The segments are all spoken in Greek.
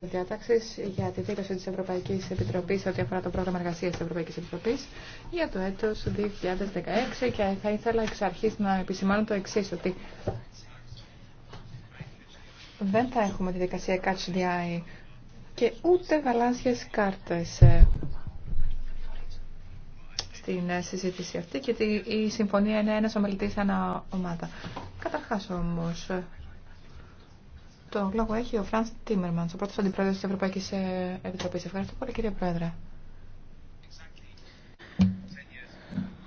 διάταξη για τη δήλωση τη Ευρωπαϊκή Επιτροπή ό,τι αφορά το πρόγραμμα εργασία τη Ευρωπαϊκή Επιτροπή για το έτο 2016 και θα ήθελα εξ αρχή να επισημάνω το εξή, ότι δεν θα έχουμε τη δικασία Catch the Eye και ούτε γαλάζιε κάρτε ε, στην ε, συζήτηση αυτή γιατί η συμφωνία είναι ένα ομιλητή ανά ομάδα. Καταρχά όμω, το λόγο έχει ο Φραντ Τίμερμαντ, ο πρώτο αντιπρόεδρο τη Ευρωπαϊκή ε, Επιτροπή. Ευχαριστώ πολύ, κύριε Πρόεδρε.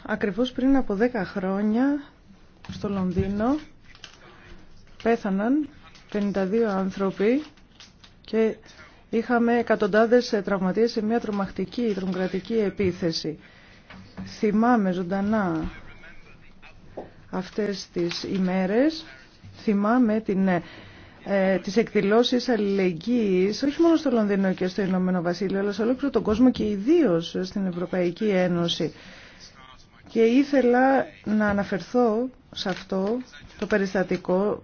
Ακριβώς πριν από 10 χρόνια στο Λονδίνο πέθαναν 52 άνθρωποι και είχαμε εκατοντάδες ε, τραυματίες σε μια τρομακτική τρομοκρατική επίθεση. Θυμάμαι ζωντανά αυτές τις ημέρες, θυμάμαι την ε, ε, τις εκδηλώσεις αλληλεγγύης όχι μόνο στο Λονδίνο και στο Ηνωμένο Βασίλειο αλλά σε ολόκληρο τον κόσμο και ιδίως στην Ευρωπαϊκή Ένωση. Και ήθελα να αναφερθώ σε αυτό το περιστατικό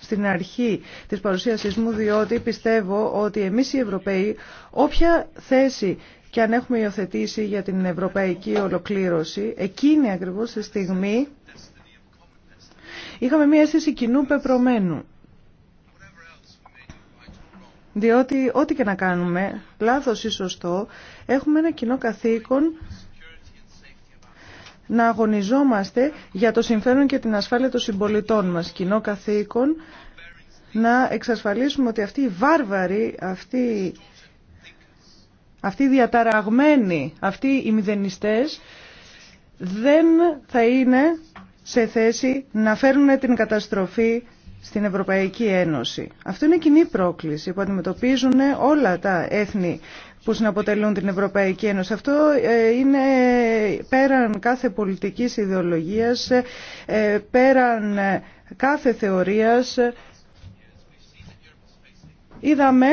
στην αρχή της παρουσίασής μου διότι πιστεύω ότι εμείς οι Ευρωπαίοι όποια θέση και αν έχουμε υιοθετήσει για την ευρωπαϊκή ολοκλήρωση εκείνη ακριβώς τη στιγμή είχαμε μια αίσθηση κοινού πεπρωμένου. Διότι ό,τι και να κάνουμε, λάθος ή σωστό, έχουμε ένα κοινό καθήκον να αγωνιζόμαστε για το συμφέρον και την ασφάλεια των συμπολιτών μας. Κοινό καθήκον να εξασφαλίσουμε ότι αυτοί οι βάρβαροι, αυτοί, αυτοί οι διαταραγμένοι, αυτοί οι μηδενιστές δεν θα είναι σε θέση να φέρουν την καταστροφή στην Ευρωπαϊκή Ένωση. Αυτό είναι κοινή πρόκληση που αντιμετωπίζουν όλα τα έθνη που συναποτελούν την Ευρωπαϊκή Ένωση. Αυτό ε, είναι πέραν κάθε πολιτικής ιδεολογίας, ε, πέραν ε, κάθε θεωρίας. Είδαμε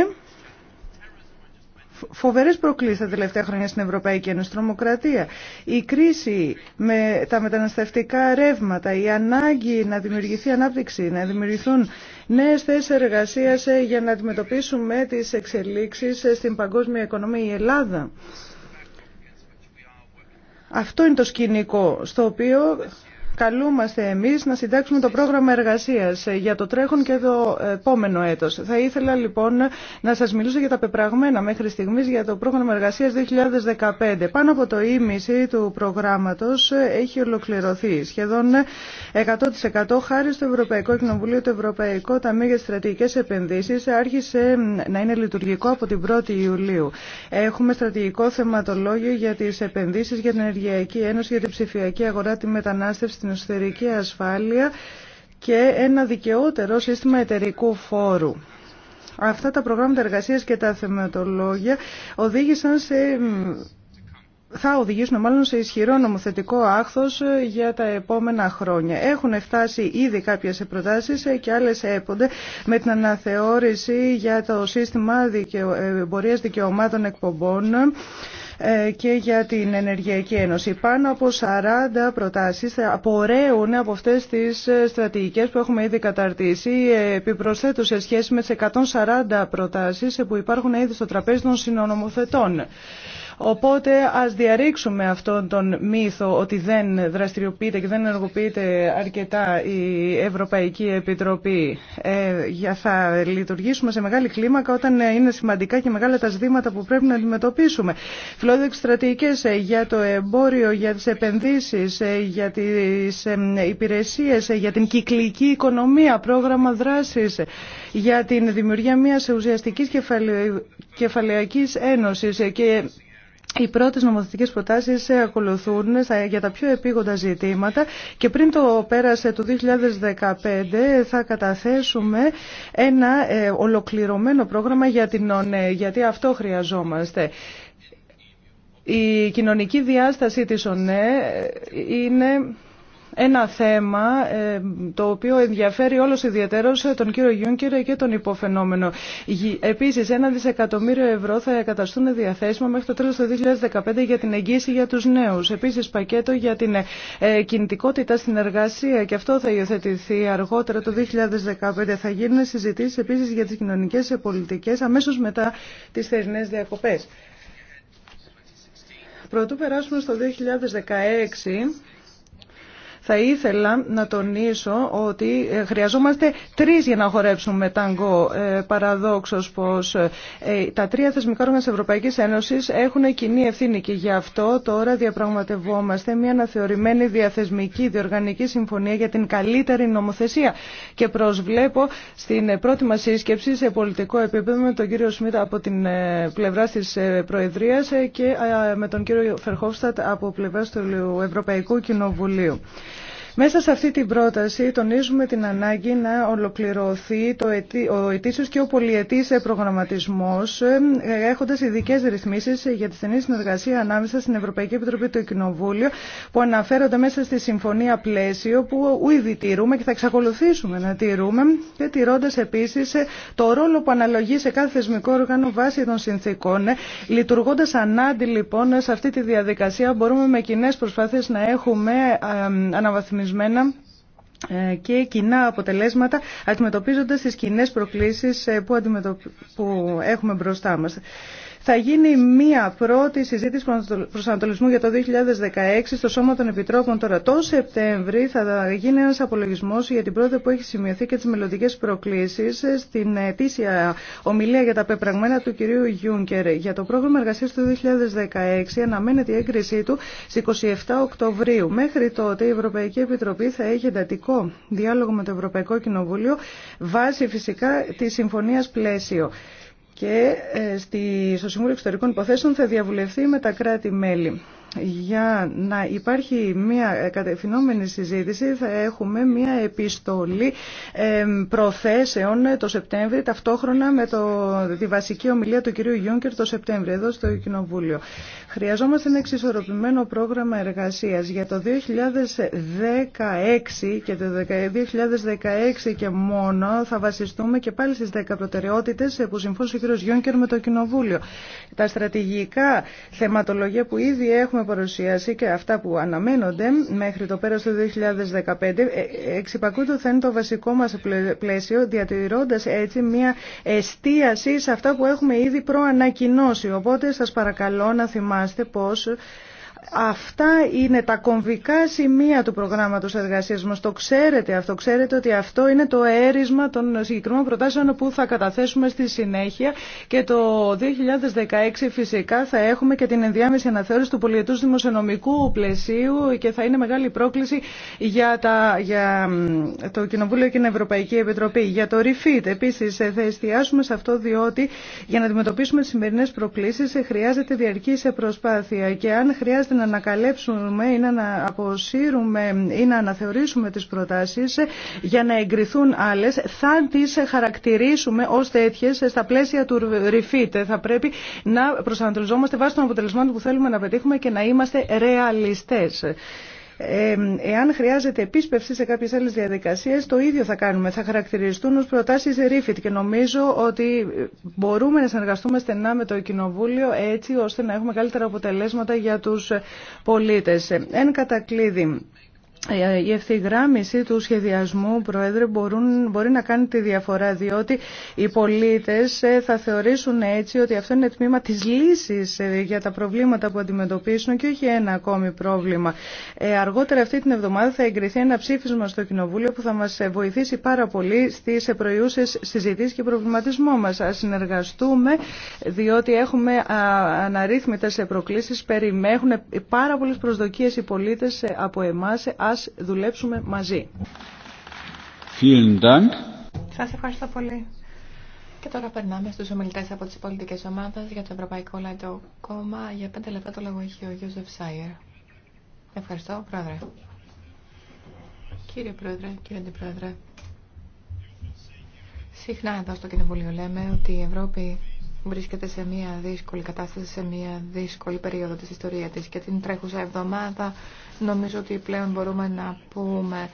φοβερέ προκλήσει τα τελευταία χρόνια στην Ευρωπαϊκή Ένωση. Τρομοκρατία, η κρίση με τα μεταναστευτικά ρεύματα, η ανάγκη να δημιουργηθεί ανάπτυξη, να δημιουργηθούν νέε θέσει εργασία ε, για να αντιμετωπίσουμε τι εξελίξει ε, στην παγκόσμια οικονομία, η Ελλάδα. Αυτό είναι το σκηνικό στο οποίο καλούμαστε εμείς να συντάξουμε το πρόγραμμα εργασίας για το τρέχον και το επόμενο έτος. Θα ήθελα λοιπόν να σας μιλήσω για τα πεπραγμένα μέχρι στιγμής για το πρόγραμμα εργασίας 2015. Πάνω από το ίμιση του προγράμματος έχει ολοκληρωθεί σχεδόν 100% χάρη στο Ευρωπαϊκό Κοινοβουλίο, το Ευρωπαϊκό Ταμείο για Στρατηγικές Επενδύσεις άρχισε να είναι λειτουργικό από την 1η Ιουλίου. Έχουμε στρατηγικό θεματολόγιο για τις επενδύσεις, για την Ενεργειακή Ένωση, για την ψηφιακή αγορά, τη μετανάστευση, στην εσωτερική ασφάλεια και ένα δικαιότερο σύστημα εταιρικού φόρου. Αυτά τα προγράμματα εργασίας και τα θεμετολόγια οδήγησαν σε θα οδηγήσουν μάλλον σε ισχυρό νομοθετικό άχθος ε, για τα επόμενα χρόνια. Έχουν φτάσει ήδη κάποιες προτάσεις ε, και άλλες έπονται με την αναθεώρηση για το σύστημα δικαιο... Ε, εμπορίας δικαιωμάτων εκπομπών ε, και για την Ενεργειακή Ένωση. Πάνω από 40 προτάσεις απορρέουν από αυτές τις ε, στρατηγικές που έχουμε ήδη καταρτήσει ε, επιπροσθέτω σε σχέση με τις 140 προτάσεις που υπάρχουν ήδη στο τραπέζι των συνονομοθετών. Οπότε ας διαρρήξουμε αυτόν τον μύθο ότι δεν δραστηριοποιείται και δεν ενεργοποιείται αρκετά η Ευρωπαϊκή Επιτροπή. Ε, για θα λειτουργήσουμε σε μεγάλη κλίμακα όταν είναι σημαντικά και μεγάλα τα ζητήματα που πρέπει να αντιμετωπίσουμε. Φιλόδοξες στρατηγικές ε, για το εμπόριο, για τις επενδύσεις, ε, για τις ε, υπηρεσίες, για την κυκλική οικονομία, πρόγραμμα δράσης, για την δημιουργία μιας ουσιαστικής κεφαλαιακής ένωσης και οι πρώτες νομοθετικές προτάσεις ε, ακολουθούν για τα πιο επίγοντα ζητήματα και πριν το πέρασε το 2015 ε, θα καταθέσουμε ένα ε, ολοκληρωμένο πρόγραμμα για την ΟΝΕ, γιατί αυτό χρειαζόμαστε. Η κοινωνική διάσταση της ΩΝΕ είναι ένα θέμα ε, το οποίο ενδιαφέρει όλος ιδιαίτερος ε, τον κύριο Γιούνκερ και τον υποφαινόμενο. Επίσης, ένα δισεκατομμύριο ευρώ θα καταστούν διαθέσιμα μέχρι το τέλος του 2015 για την εγγύηση για τους νέους. Επίσης, πακέτο για την ε, κινητικότητα στην εργασία και αυτό θα υιοθετηθεί αργότερα το 2015. Θα γίνουν συζητήσεις επίσης για τις κοινωνικές πολιτικές αμέσως μετά τις θερινές διακοπές. Πρωτού περάσουμε στο 2016, θα ήθελα να τονίσω ότι ε, χρειαζόμαστε τρεις για να χορέψουμε τάγκο ε, παραδόξως πως ε, τα τρία θεσμικά όργανα της Ευρωπαϊκής Ένωσης έχουν κοινή ευθύνη και γι' αυτό τώρα διαπραγματευόμαστε μια αναθεωρημένη διαθεσμική διοργανική συμφωνία για την καλύτερη νομοθεσία και προσβλέπω στην πρώτη μας σύσκεψη σε πολιτικό επίπεδο με τον κύριο Σμίτα από την πλευρά της Προεδρίας και με τον κύριο Φερχόφστατ από πλευρά του Ευρωπαϊκού Κοινοβουλίου. Μέσα σε αυτή την πρόταση τονίζουμε την ανάγκη να ολοκληρωθεί το ο ετήσιος και ο πολυετής προγραμματισμός ε, έχοντας ειδικές ρυθμίσεις για τη στενή συνεργασία ανάμεσα στην Ευρωπαϊκή Επιτροπή του Κοινοβούλιο που αναφέρονται μέσα στη Συμφωνία Πλαίσιο που ήδη τηρούμε και θα εξακολουθήσουμε να τηρούμε και τηρώντας επίσης ε, το ρόλο που αναλογεί σε κάθε θεσμικό όργανο βάσει των συνθήκων. Ε, λειτουργώντας ανάντι λοιπόν σε αυτή τη διαδικασία μπορούμε με κοινέ προσπάθειες να έχουμε αναβαθμισ συντονισμένα ε, και κοινά αποτελέσματα αντιμετωπίζοντας τις κοινέ προκλήσεις ε, που έχουμε μπροστά μας θα γίνει μία πρώτη συζήτηση προσανατολισμού για το 2016 στο Σώμα των Επιτρόπων. Τώρα, το Σεπτέμβρη θα γίνει ένας απολογισμός για την πρώτη που έχει σημειωθεί και τις μελλοντικέ προκλήσεις στην ετήσια ομιλία για τα πεπραγμένα του κυρίου Γιούνκερ. Για το πρόγραμμα εργασίας του 2016 αναμένεται η έγκρισή του στις 27 Οκτωβρίου. Μέχρι τότε η Ευρωπαϊκή Επιτροπή θα έχει εντατικό διάλογο με το Ευρωπαϊκό Κοινοβούλιο βάσει φυσικά τη συμφωνίας πλαίσιο και ε, στο Συμβούλιο Εξωτερικών Υποθέσεων θα διαβουλευτεί με τα κράτη-μέλη. Για να υπάρχει μια κατευθυνόμενη συζήτηση θα έχουμε μια επιστολή ε, προθέσεων ε, το Σεπτέμβριο. ταυτόχρονα με το, τη βασική ομιλία του κυρίου Γιούνκερ το Σεπτέμβρη εδώ στο Κοινοβούλιο. Χρειαζόμαστε ένα εξισορροπημένο πρόγραμμα εργασίας. Για το 2016 και το 2016 και μόνο θα βασιστούμε και πάλι στις 10 προτεραιότητες που συμφώνησε ο κ. Γιόνκερ με το Κοινοβούλιο. Τα στρατηγικά θεματολογία που ήδη έχουμε παρουσιάσει και αυτά που αναμένονται μέχρι το πέρας του 2015 ε, ε, εξυπακούτο θα είναι το βασικό μας πλαίσιο διατηρώντας έτσι μια εστίαση σε αυτά που έχουμε ήδη προανακοινώσει. Οπότε σας παρακαλώ να θυμάστε θυμάστε πως Αυτά είναι τα κομβικά σημεία του προγράμματος εργασίας μας. Το ξέρετε αυτό. Ξέρετε ότι αυτό είναι το έρισμα των συγκεκριμένων προτάσεων που θα καταθέσουμε στη συνέχεια και το 2016 φυσικά θα έχουμε και την ενδιάμεση αναθεώρηση του πολιετούς δημοσιονομικού πλαισίου και θα είναι μεγάλη πρόκληση για, τα, για το Κοινοβούλιο και την Ευρωπαϊκή Επιτροπή. Για το REFIT επίσης θα εστιάσουμε σε αυτό διότι για να αντιμετωπίσουμε τις σημερινές προκλήσεις χρειάζεται διαρκή σε προσπάθεια και αν χρειάζεται να ανακαλέψουμε ή να αποσύρουμε ή να αναθεωρήσουμε τις προτάσεις για να εγκριθούν άλλες. Θα τις χαρακτηρίσουμε ως τέτοιες στα πλαίσια του refit. Θα πρέπει να προσανατολισόμαστε βάσει των αποτελεσμάτων που θέλουμε να πετύχουμε και να είμαστε ρεαλιστές εάν χρειάζεται επίσπευση σε κάποιες άλλες διαδικασίες, το ίδιο θα κάνουμε. Θα χαρακτηριστούν ως προτάσεις ρίφιτ και νομίζω ότι μπορούμε να συνεργαστούμε στενά με το Κοινοβούλιο έτσι ώστε να έχουμε καλύτερα αποτελέσματα για τους πολίτες. Εν κατακλείδη. Ε, η ευθυγράμμιση του σχεδιασμού, Πρόεδρε, μπορούν, μπορεί να κάνει τη διαφορά, διότι οι πολίτες ε, θα θεωρήσουν έτσι ότι αυτό είναι τμήμα της λύσης ε, για τα προβλήματα που αντιμετωπίσουν και όχι ένα ακόμη πρόβλημα. αργότερα αυτή την εβδομάδα θα εγκριθεί ένα ψήφισμα στο Κοινοβούλιο που θα μας βοηθήσει πάρα πολύ στις προϊούσες συζητήσεις και προβληματισμό μας. Ας συνεργαστούμε, διότι έχουμε αναρρύθμιτες προκλήσεις, περιμένουν πάρα πολλές προσδοκίες οι πολίτες από εμάς, ας δουλέψουμε μαζί. Σας ευχαριστώ πολύ. Και τώρα περνάμε στους ομιλητές από τις πολιτικές ομάδες για το Ευρωπαϊκό Λαϊκό Κόμμα. Για πέντε λεπτά το λόγο έχει ο Γιώζεφ Σάιερ. Ευχαριστώ, Πρόεδρε. Κύριε Πρόεδρε, κύριε Αντιπρόεδρε. Συχνά εδώ στο Κοινοβούλιο λέμε ότι η Ευρώπη βρίσκεται σε μια δύσκολη κατάσταση, σε μια δύσκολη περίοδο της ιστορίας της και την τρέχουσα εβδομάδα νομίζω ότι πλέον μπορούμε να πούμε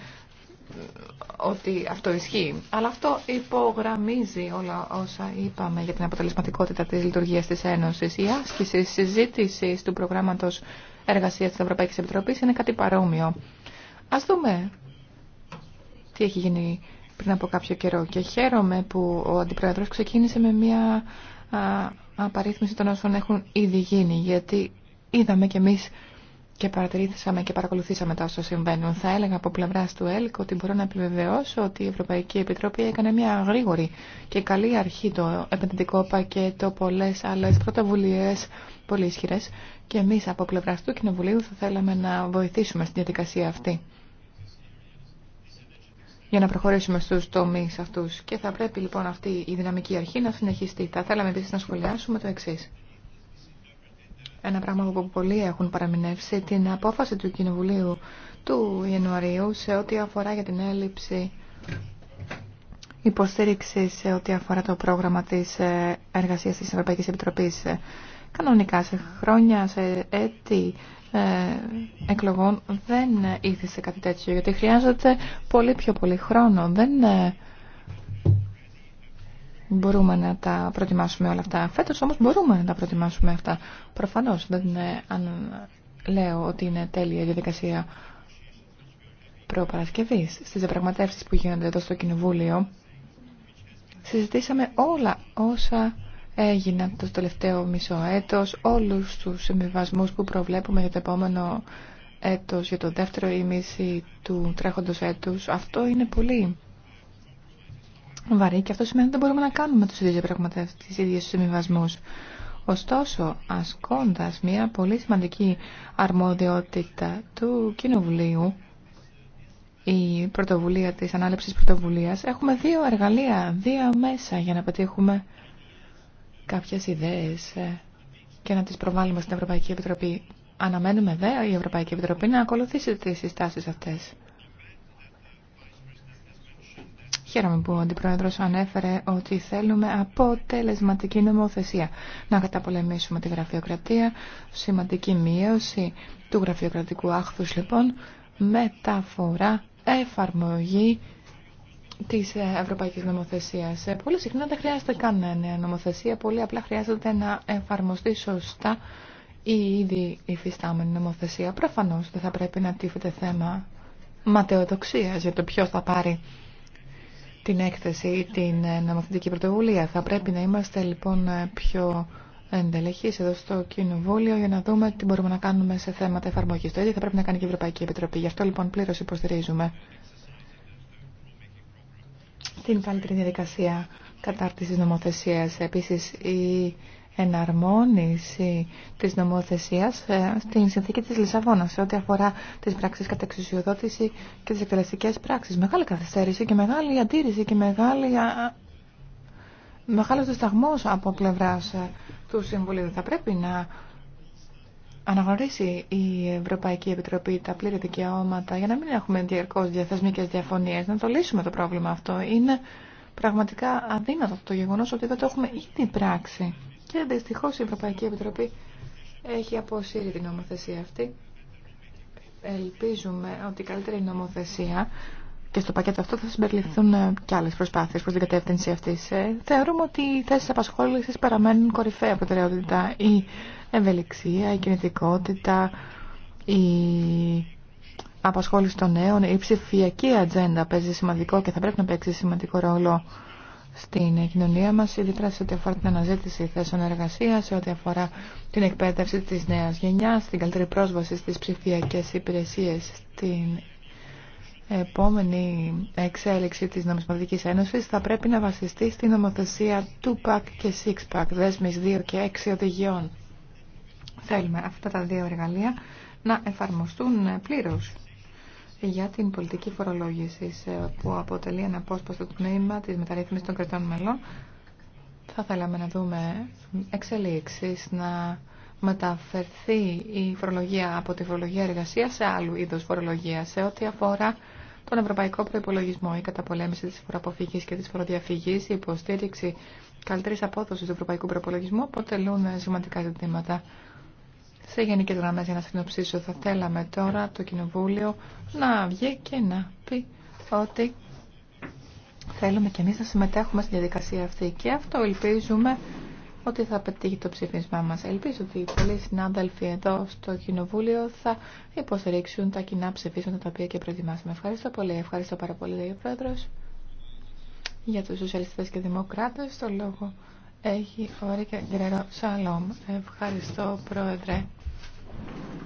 ότι αυτό ισχύει. Αλλά αυτό υπογραμμίζει όλα όσα είπαμε για την αποτελεσματικότητα της λειτουργίας της Ένωσης. Η άσκηση συζήτηση του προγράμματος εργασίας της Ευρωπαϊκής Επιτροπής είναι κάτι παρόμοιο. Ας δούμε τι έχει γίνει πριν από κάποιο καιρό και χαίρομαι που ο Αντιπρόεδρος ξεκίνησε με μια απαρίθμηση των όσων έχουν ήδη γίνει, γιατί είδαμε κι εμείς και παρατηρήσαμε και παρακολουθήσαμε τα όσα συμβαίνουν. Θα έλεγα από πλευρά του ΕΛΚ ότι μπορώ να επιβεβαιώσω ότι η Ευρωπαϊκή Επιτροπή έκανε μια γρήγορη και καλή αρχή το επενδυτικό πακέτο, πολλέ άλλε πρωτοβουλίε πολύ ισχυρέ. Και εμεί από πλευρά του Κοινοβουλίου θα θέλαμε να βοηθήσουμε στην διαδικασία αυτή για να προχωρήσουμε στους τομείς αυτούς. Και θα πρέπει λοιπόν αυτή η δυναμική αρχή να συνεχιστεί. Θα θέλαμε επίση να σχολιάσουμε το εξή. Ένα πράγμα που πολλοί έχουν παραμεινεύσει, την απόφαση του Κοινοβουλίου του Ιανουαρίου σε ό,τι αφορά για την έλλειψη υποστήριξη σε ό,τι αφορά το πρόγραμμα της ε, εργασίας της Ευρωπαϊκής Επιτροπής ε, Κανονικά σε χρόνια, σε έτη ε, εκλογών δεν σε κάτι τέτοιο γιατί χρειάζεται πολύ πιο πολύ χρόνο. Δεν ε, μπορούμε να τα προετοιμάσουμε όλα αυτά. Φέτος όμως μπορούμε να τα προετοιμάσουμε αυτά. Προφανώς δεν ε, αν λέω ότι είναι τέλεια η διαδικασία προπαρασκευής. Στις διαπραγματεύσεις που γίνονται εδώ στο Κοινοβούλιο συζητήσαμε όλα όσα έγιναν το τελευταίο μισό έτος, όλους τους συμβιβασμού που προβλέπουμε για το επόμενο έτος, για το δεύτερο ημίση του τρέχοντος έτους, αυτό είναι πολύ βαρύ και αυτό σημαίνει ότι δεν μπορούμε να κάνουμε τους ίδιους διαπραγματεύσεις, τις ίδιες συμβιβασμούς. Ωστόσο, ασκώντας μια πολύ σημαντική αρμοδιότητα του Κοινοβουλίου, η πρωτοβουλία της ανάληψης πρωτοβουλίας, έχουμε δύο εργαλεία, δύο μέσα για να πετύχουμε κάποιες ιδέες ε, και να τις προβάλλουμε στην Ευρωπαϊκή Επιτροπή. Αναμένουμε δε η Ευρωπαϊκή Επιτροπή να ακολουθήσει τις συστάσεις αυτές. Χαίρομαι που ο Αντιπρόεδρος ανέφερε ότι θέλουμε αποτελεσματική νομοθεσία να καταπολεμήσουμε τη γραφειοκρατία, σημαντική μείωση του γραφειοκρατικού άχθους λοιπόν, μεταφορά, εφαρμογή τη ε, Ευρωπαϊκή Νομοθεσία. Ε, πολύ συχνά δεν χρειάζεται κανένα ε, νομοθεσία, πολύ απλά χρειάζεται να εφαρμοστεί σωστά η ήδη υφιστάμενη νομοθεσία. προφανω δεν θα πρέπει να τίθεται θέμα ματαιοδοξία για το ποιο θα πάρει την έκθεση ή την νομοθετική πρωτοβουλία. Θα πρέπει να είμαστε λοιπόν πιο εντελεχείς εδώ στο Κοινοβούλιο για να δούμε τι μπορούμε να κάνουμε σε θέματα εφαρμογής. Το ίδιο θα πρέπει να κάνει και η Ευρωπαϊκή Επιτροπή. Γι' αυτό λοιπόν πλήρω υποστηρίζουμε την καλύτερη διαδικασία κατάρτισης νομοθεσίας. Επίσης, η εναρμόνιση της νομοθεσίας ε, στην συνθήκη της Λισαβόνας σε ό,τι αφορά τις πράξεις κατά εξουσιοδότηση και τις εκτελεστικές πράξεις. Μεγάλη καθυστέρηση και μεγάλη αντίρρηση και μεγάλη... Μεγάλος δισταγμός από πλευράς ε, του Συμβουλίου. Θα πρέπει να αναγνωρίσει η Ευρωπαϊκή Επιτροπή τα πλήρη δικαιώματα για να μην έχουμε διαρκώς διαθεσμικές διαφωνίες, να το λύσουμε το πρόβλημα αυτό. Είναι πραγματικά αδύνατο το γεγονός ότι δεν το έχουμε ήδη πράξει. Και δυστυχώ η Ευρωπαϊκή Επιτροπή έχει αποσύρει την νομοθεσία αυτή. Ελπίζουμε ότι η καλύτερη νομοθεσία και στο πακέτο αυτό θα συμπεριληφθούν ε, και άλλε προσπάθειε προ την κατεύθυνση αυτή. Ε, θεωρούμε ότι οι θέσει απασχόληση παραμένουν κορυφαία προτεραιότητα. Η ευελιξία, η κινητικότητα, η απασχόληση των νέων, η ψηφιακή ατζέντα παίζει σημαντικό και θα πρέπει να παίξει σημαντικό ρόλο στην κοινωνία μα. ιδιαίτερα σε ό,τι αφορά την αναζήτηση θέσεων εργασία, σε ό,τι αφορά την εκπαίδευση τη νέα γενιά, την καλύτερη πρόσβαση στι ψηφιακέ υπηρεσίε στην επόμενη εξέλιξη της Νομισματικής Ένωσης θα πρέπει να βασιστεί στην νομοθεσία 2-pack και 6-pack, δέσμης 2 και 6 οδηγιών. Θέλουμε αυτά τα δύο εργαλεία να εφαρμοστούν πλήρως για την πολιτική φορολόγηση που αποτελεί ένα απόσπαστο τμήμα της μεταρρύθμισης των κρατών μελών. Θα θέλαμε να δούμε εξελίξεις, να μεταφερθεί η φορολογία από τη φορολογία εργασία σε άλλου είδους φορολογία σε ό,τι αφορά τον Ευρωπαϊκό Προπολογισμό, η καταπολέμηση τη φοροαποφυγή και τη φοροδιαφυγή, η υποστήριξη καλύτερη απόδοση του Ευρωπαϊκού Προπολογισμού αποτελούν σημαντικά ζητήματα. Σε γενικέ γραμμέ, για να συνοψίσω, θα θέλαμε τώρα το Κοινοβούλιο να βγει και να πει ότι θέλουμε κι εμεί να συμμετέχουμε στη διαδικασία αυτή. Και αυτό ελπίζουμε ότι θα πετύχει το ψήφισμά μας. Ελπίζω ότι οι πολλοί συνάδελφοι εδώ στο Κοινοβούλιο θα υποστηρίξουν τα κοινά ψηφίσματα τα οποία και προετοιμάσαμε. Ευχαριστώ πολύ. Ευχαριστώ πάρα πολύ, λέει ο Πρόεδρος. Για τους Σοσιαλιστέ και δημοκράτες, το λόγο έχει ο Ρίκε Γκρέρο Σαλόμ. Ευχαριστώ, Πρόεδρε.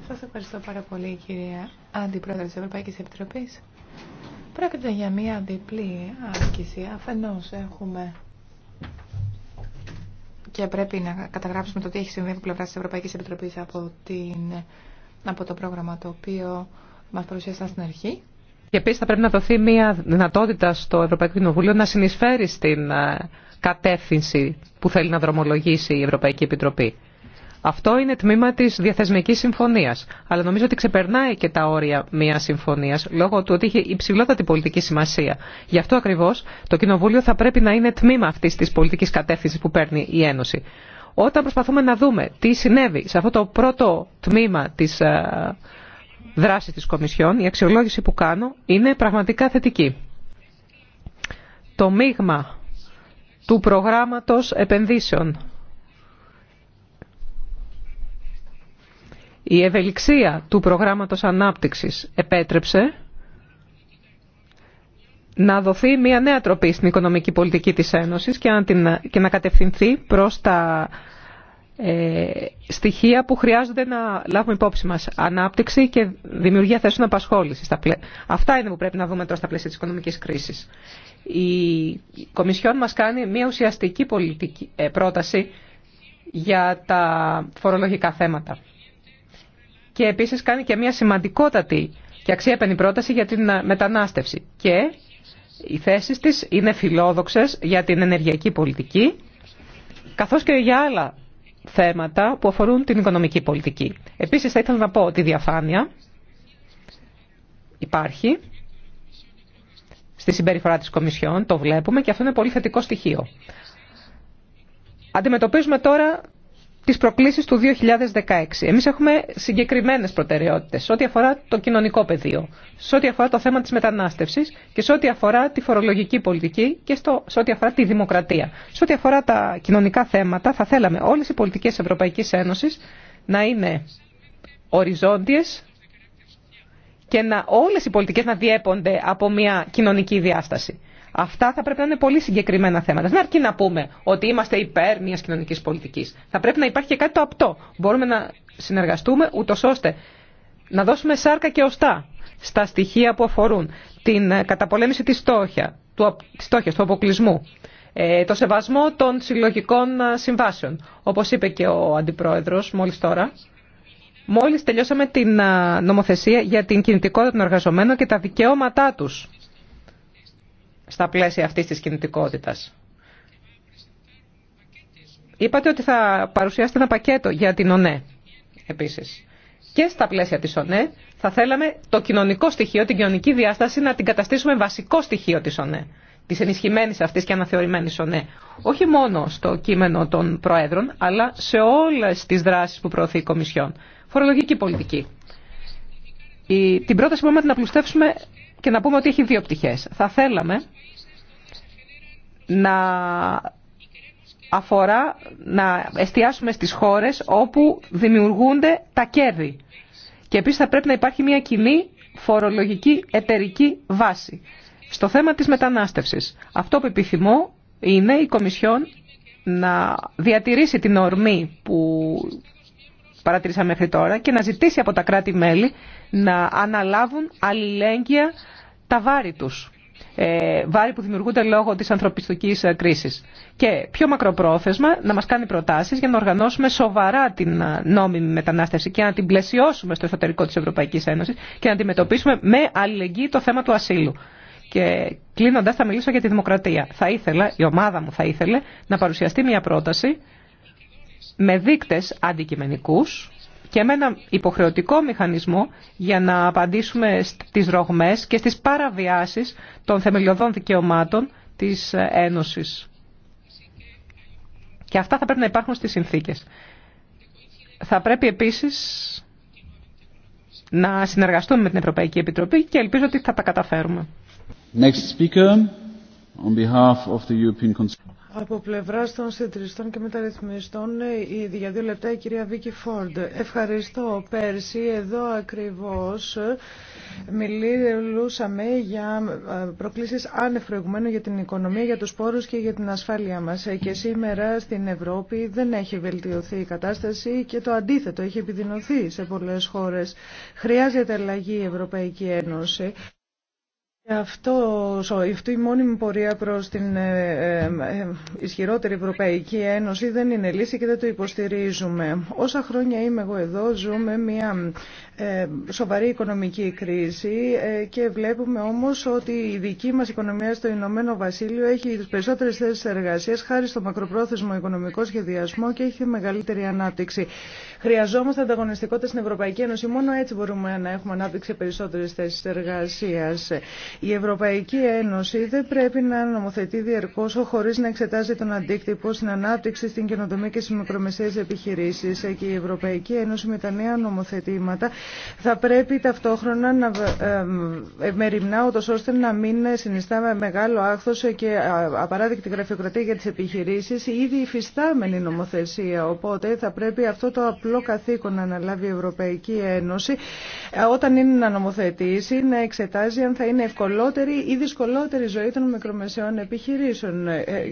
Σας ευχαριστώ πάρα πολύ, κυρία Αντιπρόεδρε της Ευρωπαϊκής Επιτροπής. Πρόκειται για μία διπλή άσκηση. Αφενός έχουμε και πρέπει να καταγράψουμε το τι έχει συμβεί από πλευρά τη Ευρωπαϊκή Επιτροπή από, από το πρόγραμμα το οποίο μα παρουσίασαν στην αρχή. Και επίση θα πρέπει να δοθεί μια δυνατότητα στο Ευρωπαϊκό Κοινοβούλιο να συνεισφέρει στην ε, κατεύθυνση που θέλει να δρομολογήσει η Ευρωπαϊκή Επιτροπή. Αυτό είναι τμήμα τη διαθεσμική συμφωνία. Αλλά νομίζω ότι ξεπερνάει και τα όρια μια συμφωνία, λόγω του ότι έχει υψηλότατη πολιτική σημασία. Γι' αυτό ακριβώ το Κοινοβούλιο θα πρέπει να είναι τμήμα αυτή τη πολιτική κατεύθυνση που παίρνει η Ένωση. Όταν προσπαθούμε να δούμε τι συνέβη σε αυτό το πρώτο τμήμα τη ε, δράση τη Κομισιόν, η αξιολόγηση που κάνω είναι πραγματικά θετική. Το μείγμα του προγράμματος επενδύσεων Η ευελιξία του προγράμματος ανάπτυξης επέτρεψε να δοθεί μια νέα τροπή στην οικονομική πολιτική της Ένωσης και να, και να κατευθυνθεί προς τα ε, στοιχεία που χρειάζονται να λάβουμε υπόψη μας. Ανάπτυξη και δημιουργία θέσεων απασχόλησης. Αυτά είναι που πρέπει να δούμε τώρα στα πλαίσια της οικονομικής κρίσης. Η Κομισιόν μας κάνει μια ουσιαστική ε, πρόταση για τα φορολογικά θέματα και επίσης κάνει και μια σημαντικότατη και αξίαπαινη πρόταση για την ε, μετανάστευση. Και οι θέσεις της είναι φιλόδοξες για την ενεργειακή πολιτική, καθώς και για άλλα θέματα που αφορούν την οικονομική πολιτική. Επίσης θα ήθελα να πω ότι η διαφάνεια υπάρχει στη συμπεριφορά της Κομισιόν, το βλέπουμε και αυτό είναι πολύ θετικό στοιχείο. Αντιμετωπίζουμε τώρα τι προκλήσει του 2016. Εμεί έχουμε συγκεκριμένε προτεραιότητε, σε ό,τι αφορά το κοινωνικό πεδίο, σε ό,τι αφορά το θέμα τη μετανάστευση και σε ό,τι αφορά τη φορολογική πολιτική και στο, σε ό,τι αφορά τη δημοκρατία. Σε ό,τι αφορά τα κοινωνικά θέματα θα θέλαμε όλε οι πολιτικέ Ευρωπαϊκή Ένωση να είναι οριζόντιε και να οι πολιτικέ να διέπονται από μια κοινωνική διάσταση. Αυτά θα πρέπει να είναι πολύ συγκεκριμένα θέματα. Δεν αρκεί να πούμε ότι είμαστε υπέρ μια κοινωνική πολιτική. Θα πρέπει να υπάρχει και κάτι το απτό. Μπορούμε να συνεργαστούμε ούτω ώστε να δώσουμε σάρκα και οστά στα στοιχεία που αφορούν την ε, καταπολέμηση της στόχια, του, της στόχιας, του αποκλεισμού, ε, το σεβασμό των συλλογικών ε, συμβάσεων. Όπως είπε και ο Αντιπρόεδρος μόλις τώρα, μόλις τελειώσαμε την νομοθεσία για την κινητικότητα των εργαζομένων και τα δικαιώματά τους στα πλαίσια αυτής της κινητικότητας. Είπατε ότι θα παρουσιάσετε ένα πακέτο για την ΟΝΕ επίσης. Και στα πλαίσια της ΟΝΕ θα θέλαμε το κοινωνικό στοιχείο, την κοινωνική διάσταση να την καταστήσουμε βασικό στοιχείο της ΟΝΕ. της ενισχυμένης αυτής και αναθεωρημένης ΟΝΕ. Όχι μόνο στο κείμενο των Προέδρων, αλλά σε όλε τι δράσεις που προωθεί η Κομισιόν. Φορολογική πολιτική. την πρόταση μπορούμε να την και να πούμε ότι έχει δύο πτυχές. Θα θέλαμε να αφορά να εστιάσουμε στις χώρες όπου δημιουργούνται τα κέρδη. Και επίσης θα πρέπει να υπάρχει μια κοινή φορολογική εταιρική βάση. Στο θέμα της μετανάστευσης, αυτό που επιθυμώ είναι η Κομισιόν να διατηρήσει την ορμή που παρατηρήσαμε μέχρι τώρα και να ζητήσει από τα κράτη-μέλη να αναλάβουν αλληλέγγυα τα βάρη τους. Ε, βάρη που δημιουργούνται λόγω της ανθρωπιστικής ε, κρίσης. Και πιο μακροπρόθεσμα να μας κάνει προτάσεις για να οργανώσουμε σοβαρά την ε, νόμιμη μετανάστευση και να την πλαισιώσουμε στο εσωτερικό της Ευρωπαϊκής Ένωσης και να αντιμετωπίσουμε με αλληλεγγύη το θέμα του ασύλου. Και κλείνοντας θα μιλήσω για τη δημοκρατία. Θα ήθελα, η ομάδα μου θα ήθελε, να παρουσιαστεί μια πρόταση με δείκτες αντικειμενικούς και με ένα υποχρεωτικό μηχανισμό για να απαντήσουμε στις ρογμές και στις παραβιάσεις των θεμελιωδών δικαιωμάτων της Ένωσης. Και αυτά θα πρέπει να υπάρχουν στις συνθήκες. Θα πρέπει επίσης να συνεργαστούμε με την Ευρωπαϊκή Επιτροπή και ελπίζω ότι θα τα καταφέρουμε. Next speaker, on behalf of the European... Από πλευρά των συντριστών και μεταρρυθμιστών, ήδη ε, για δύο λεπτά η κυρία Βίκη Φόρντ. Ευχαριστώ. Πέρσι, εδώ ακριβώς, ε, μιλούσαμε για ε, προκλήσεις ανεφροηγουμένου για την οικονομία, για τους πόρους και για την ασφάλεια μας. Και σήμερα στην Ευρώπη δεν έχει βελτιωθεί η κατάσταση και το αντίθετο έχει επιδεινωθεί σε πολλέ χώρε. Χρειάζεται αλλαγή η Ευρωπαϊκή Ένωση. Αυτό, αυτή η μόνιμη πορεία προς την ε, ε, ε, ισχυρότερη Ευρωπαϊκή Ένωση δεν είναι λύση και δεν το υποστηρίζουμε. Όσα χρόνια είμαι εγώ εδώ ζούμε μια ε, σοβαρή οικονομική κρίση και βλέπουμε όμως ότι η δική μας οικονομία στο Ηνωμένο Βασίλειο έχει τις περισσότερες θέσεις εργασίας χάρη στο μακροπρόθεσμο οικονομικό σχεδιασμό και έχει μεγαλύτερη ανάπτυξη. Χρειαζόμαστε ανταγωνιστικότητα στην Ευρωπαϊκή Ένωση. Μόνο έτσι μπορούμε να έχουμε ανάπτυξη περισσότερες θέσεις εργασίας. Η Ευρωπαϊκή Ένωση δεν πρέπει να νομοθετεί διαρκώ χωρί να εξετάζει τον αντίκτυπο στην ανάπτυξη, στην καινοτομία και στι μικρομεσαίε επιχειρήσει. Ε, και η Ευρωπαϊκή Ένωση με τα νέα νομοθετήματα θα πρέπει ταυτόχρονα να ε, μεριμνά ούτω ώστε να μην συνιστά με μεγάλο άχθο και απαράδεκτη γραφειοκρατία για τι επιχειρήσει, ήδη υφιστάμενη νομοθεσία. Οπότε θα πρέπει αυτό το απλό καθήκον να αναλάβει η Ευρωπαϊκή Ένωση ε, όταν είναι να νομοθετήσει, να εξετάζει αν θα είναι ευκολότερη ή δυσκολότερη ζωή των μικρομεσαίων επιχειρήσεων. Ε, ε,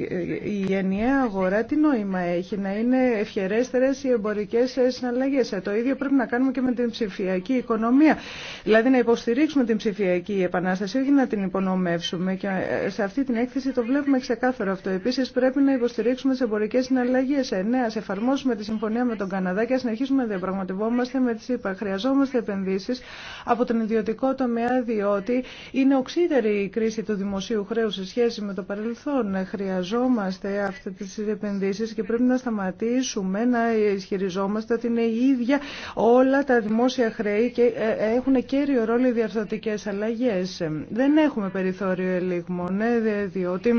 η ενιαία αγορά τι νόημα έχει να είναι ευχερέστερες οι εμπορικές συναλλαγές. Ε, το ίδιο πρέπει να κάνουμε και με την ψηφιακή οικονομία. Δηλαδή να υποστηρίξουμε την ψηφιακή επανάσταση, όχι να την υπονομεύσουμε. Και σε αυτή την έκθεση το βλέπουμε ξεκάθαρο αυτό. Επίσης πρέπει να υποστηρίξουμε τις εμπορικές συναλλαγές. Ε, ναι, ας εφαρμόσουμε τη συμφωνία με τον Καναδά και ας συνεχίσουμε να διαπραγματευόμαστε με τις ΥΠΑ. Χρειαζόμαστε επενδύσεις από τον ιδιωτικό τομέα διότι είναι οξύτερη η κρίση του δημοσίου χρέους σε σχέση με το παρελθόν. Χρειαζόμαστε αυτέ τι επενδύσει και πρέπει να σταματήσουμε να ισχυριζόμαστε ότι είναι ίδια όλα τα δημόσια χρέη και ε, έχουν κέριο ρόλο οι διαρθωτικέ αλλαγέ. Δεν έχουμε περιθώριο ελίγμων, ε, διότι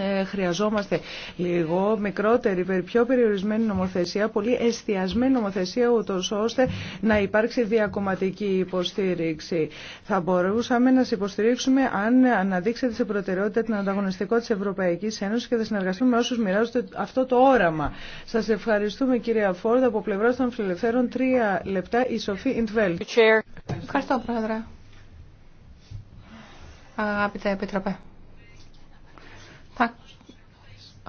ε, χρειαζόμαστε λίγο μικρότερη, πιο περιορισμένη νομοθεσία, πολύ εστιασμένη νομοθεσία, ούτω ώστε να υπάρξει διακομματική υποστήριξη. Θα μπορούσαμε να σε υποστηρίξουμε αν αναδείξετε σε προτεραιότητα την ανταγωνιστικότητα τη Ευρωπαϊκή Ένωση και θα συνεργαστούμε με όσου μοιράζονται αυτό το όραμα. Σα ευχαριστούμε κυρία Φόρδα από πλευρά των φιλελευθέρων. Τρία λεπτά η Σοφή Ιντβέλ. Ευχαριστώ πρόεδρε. Αγαπητέ Επίτροπε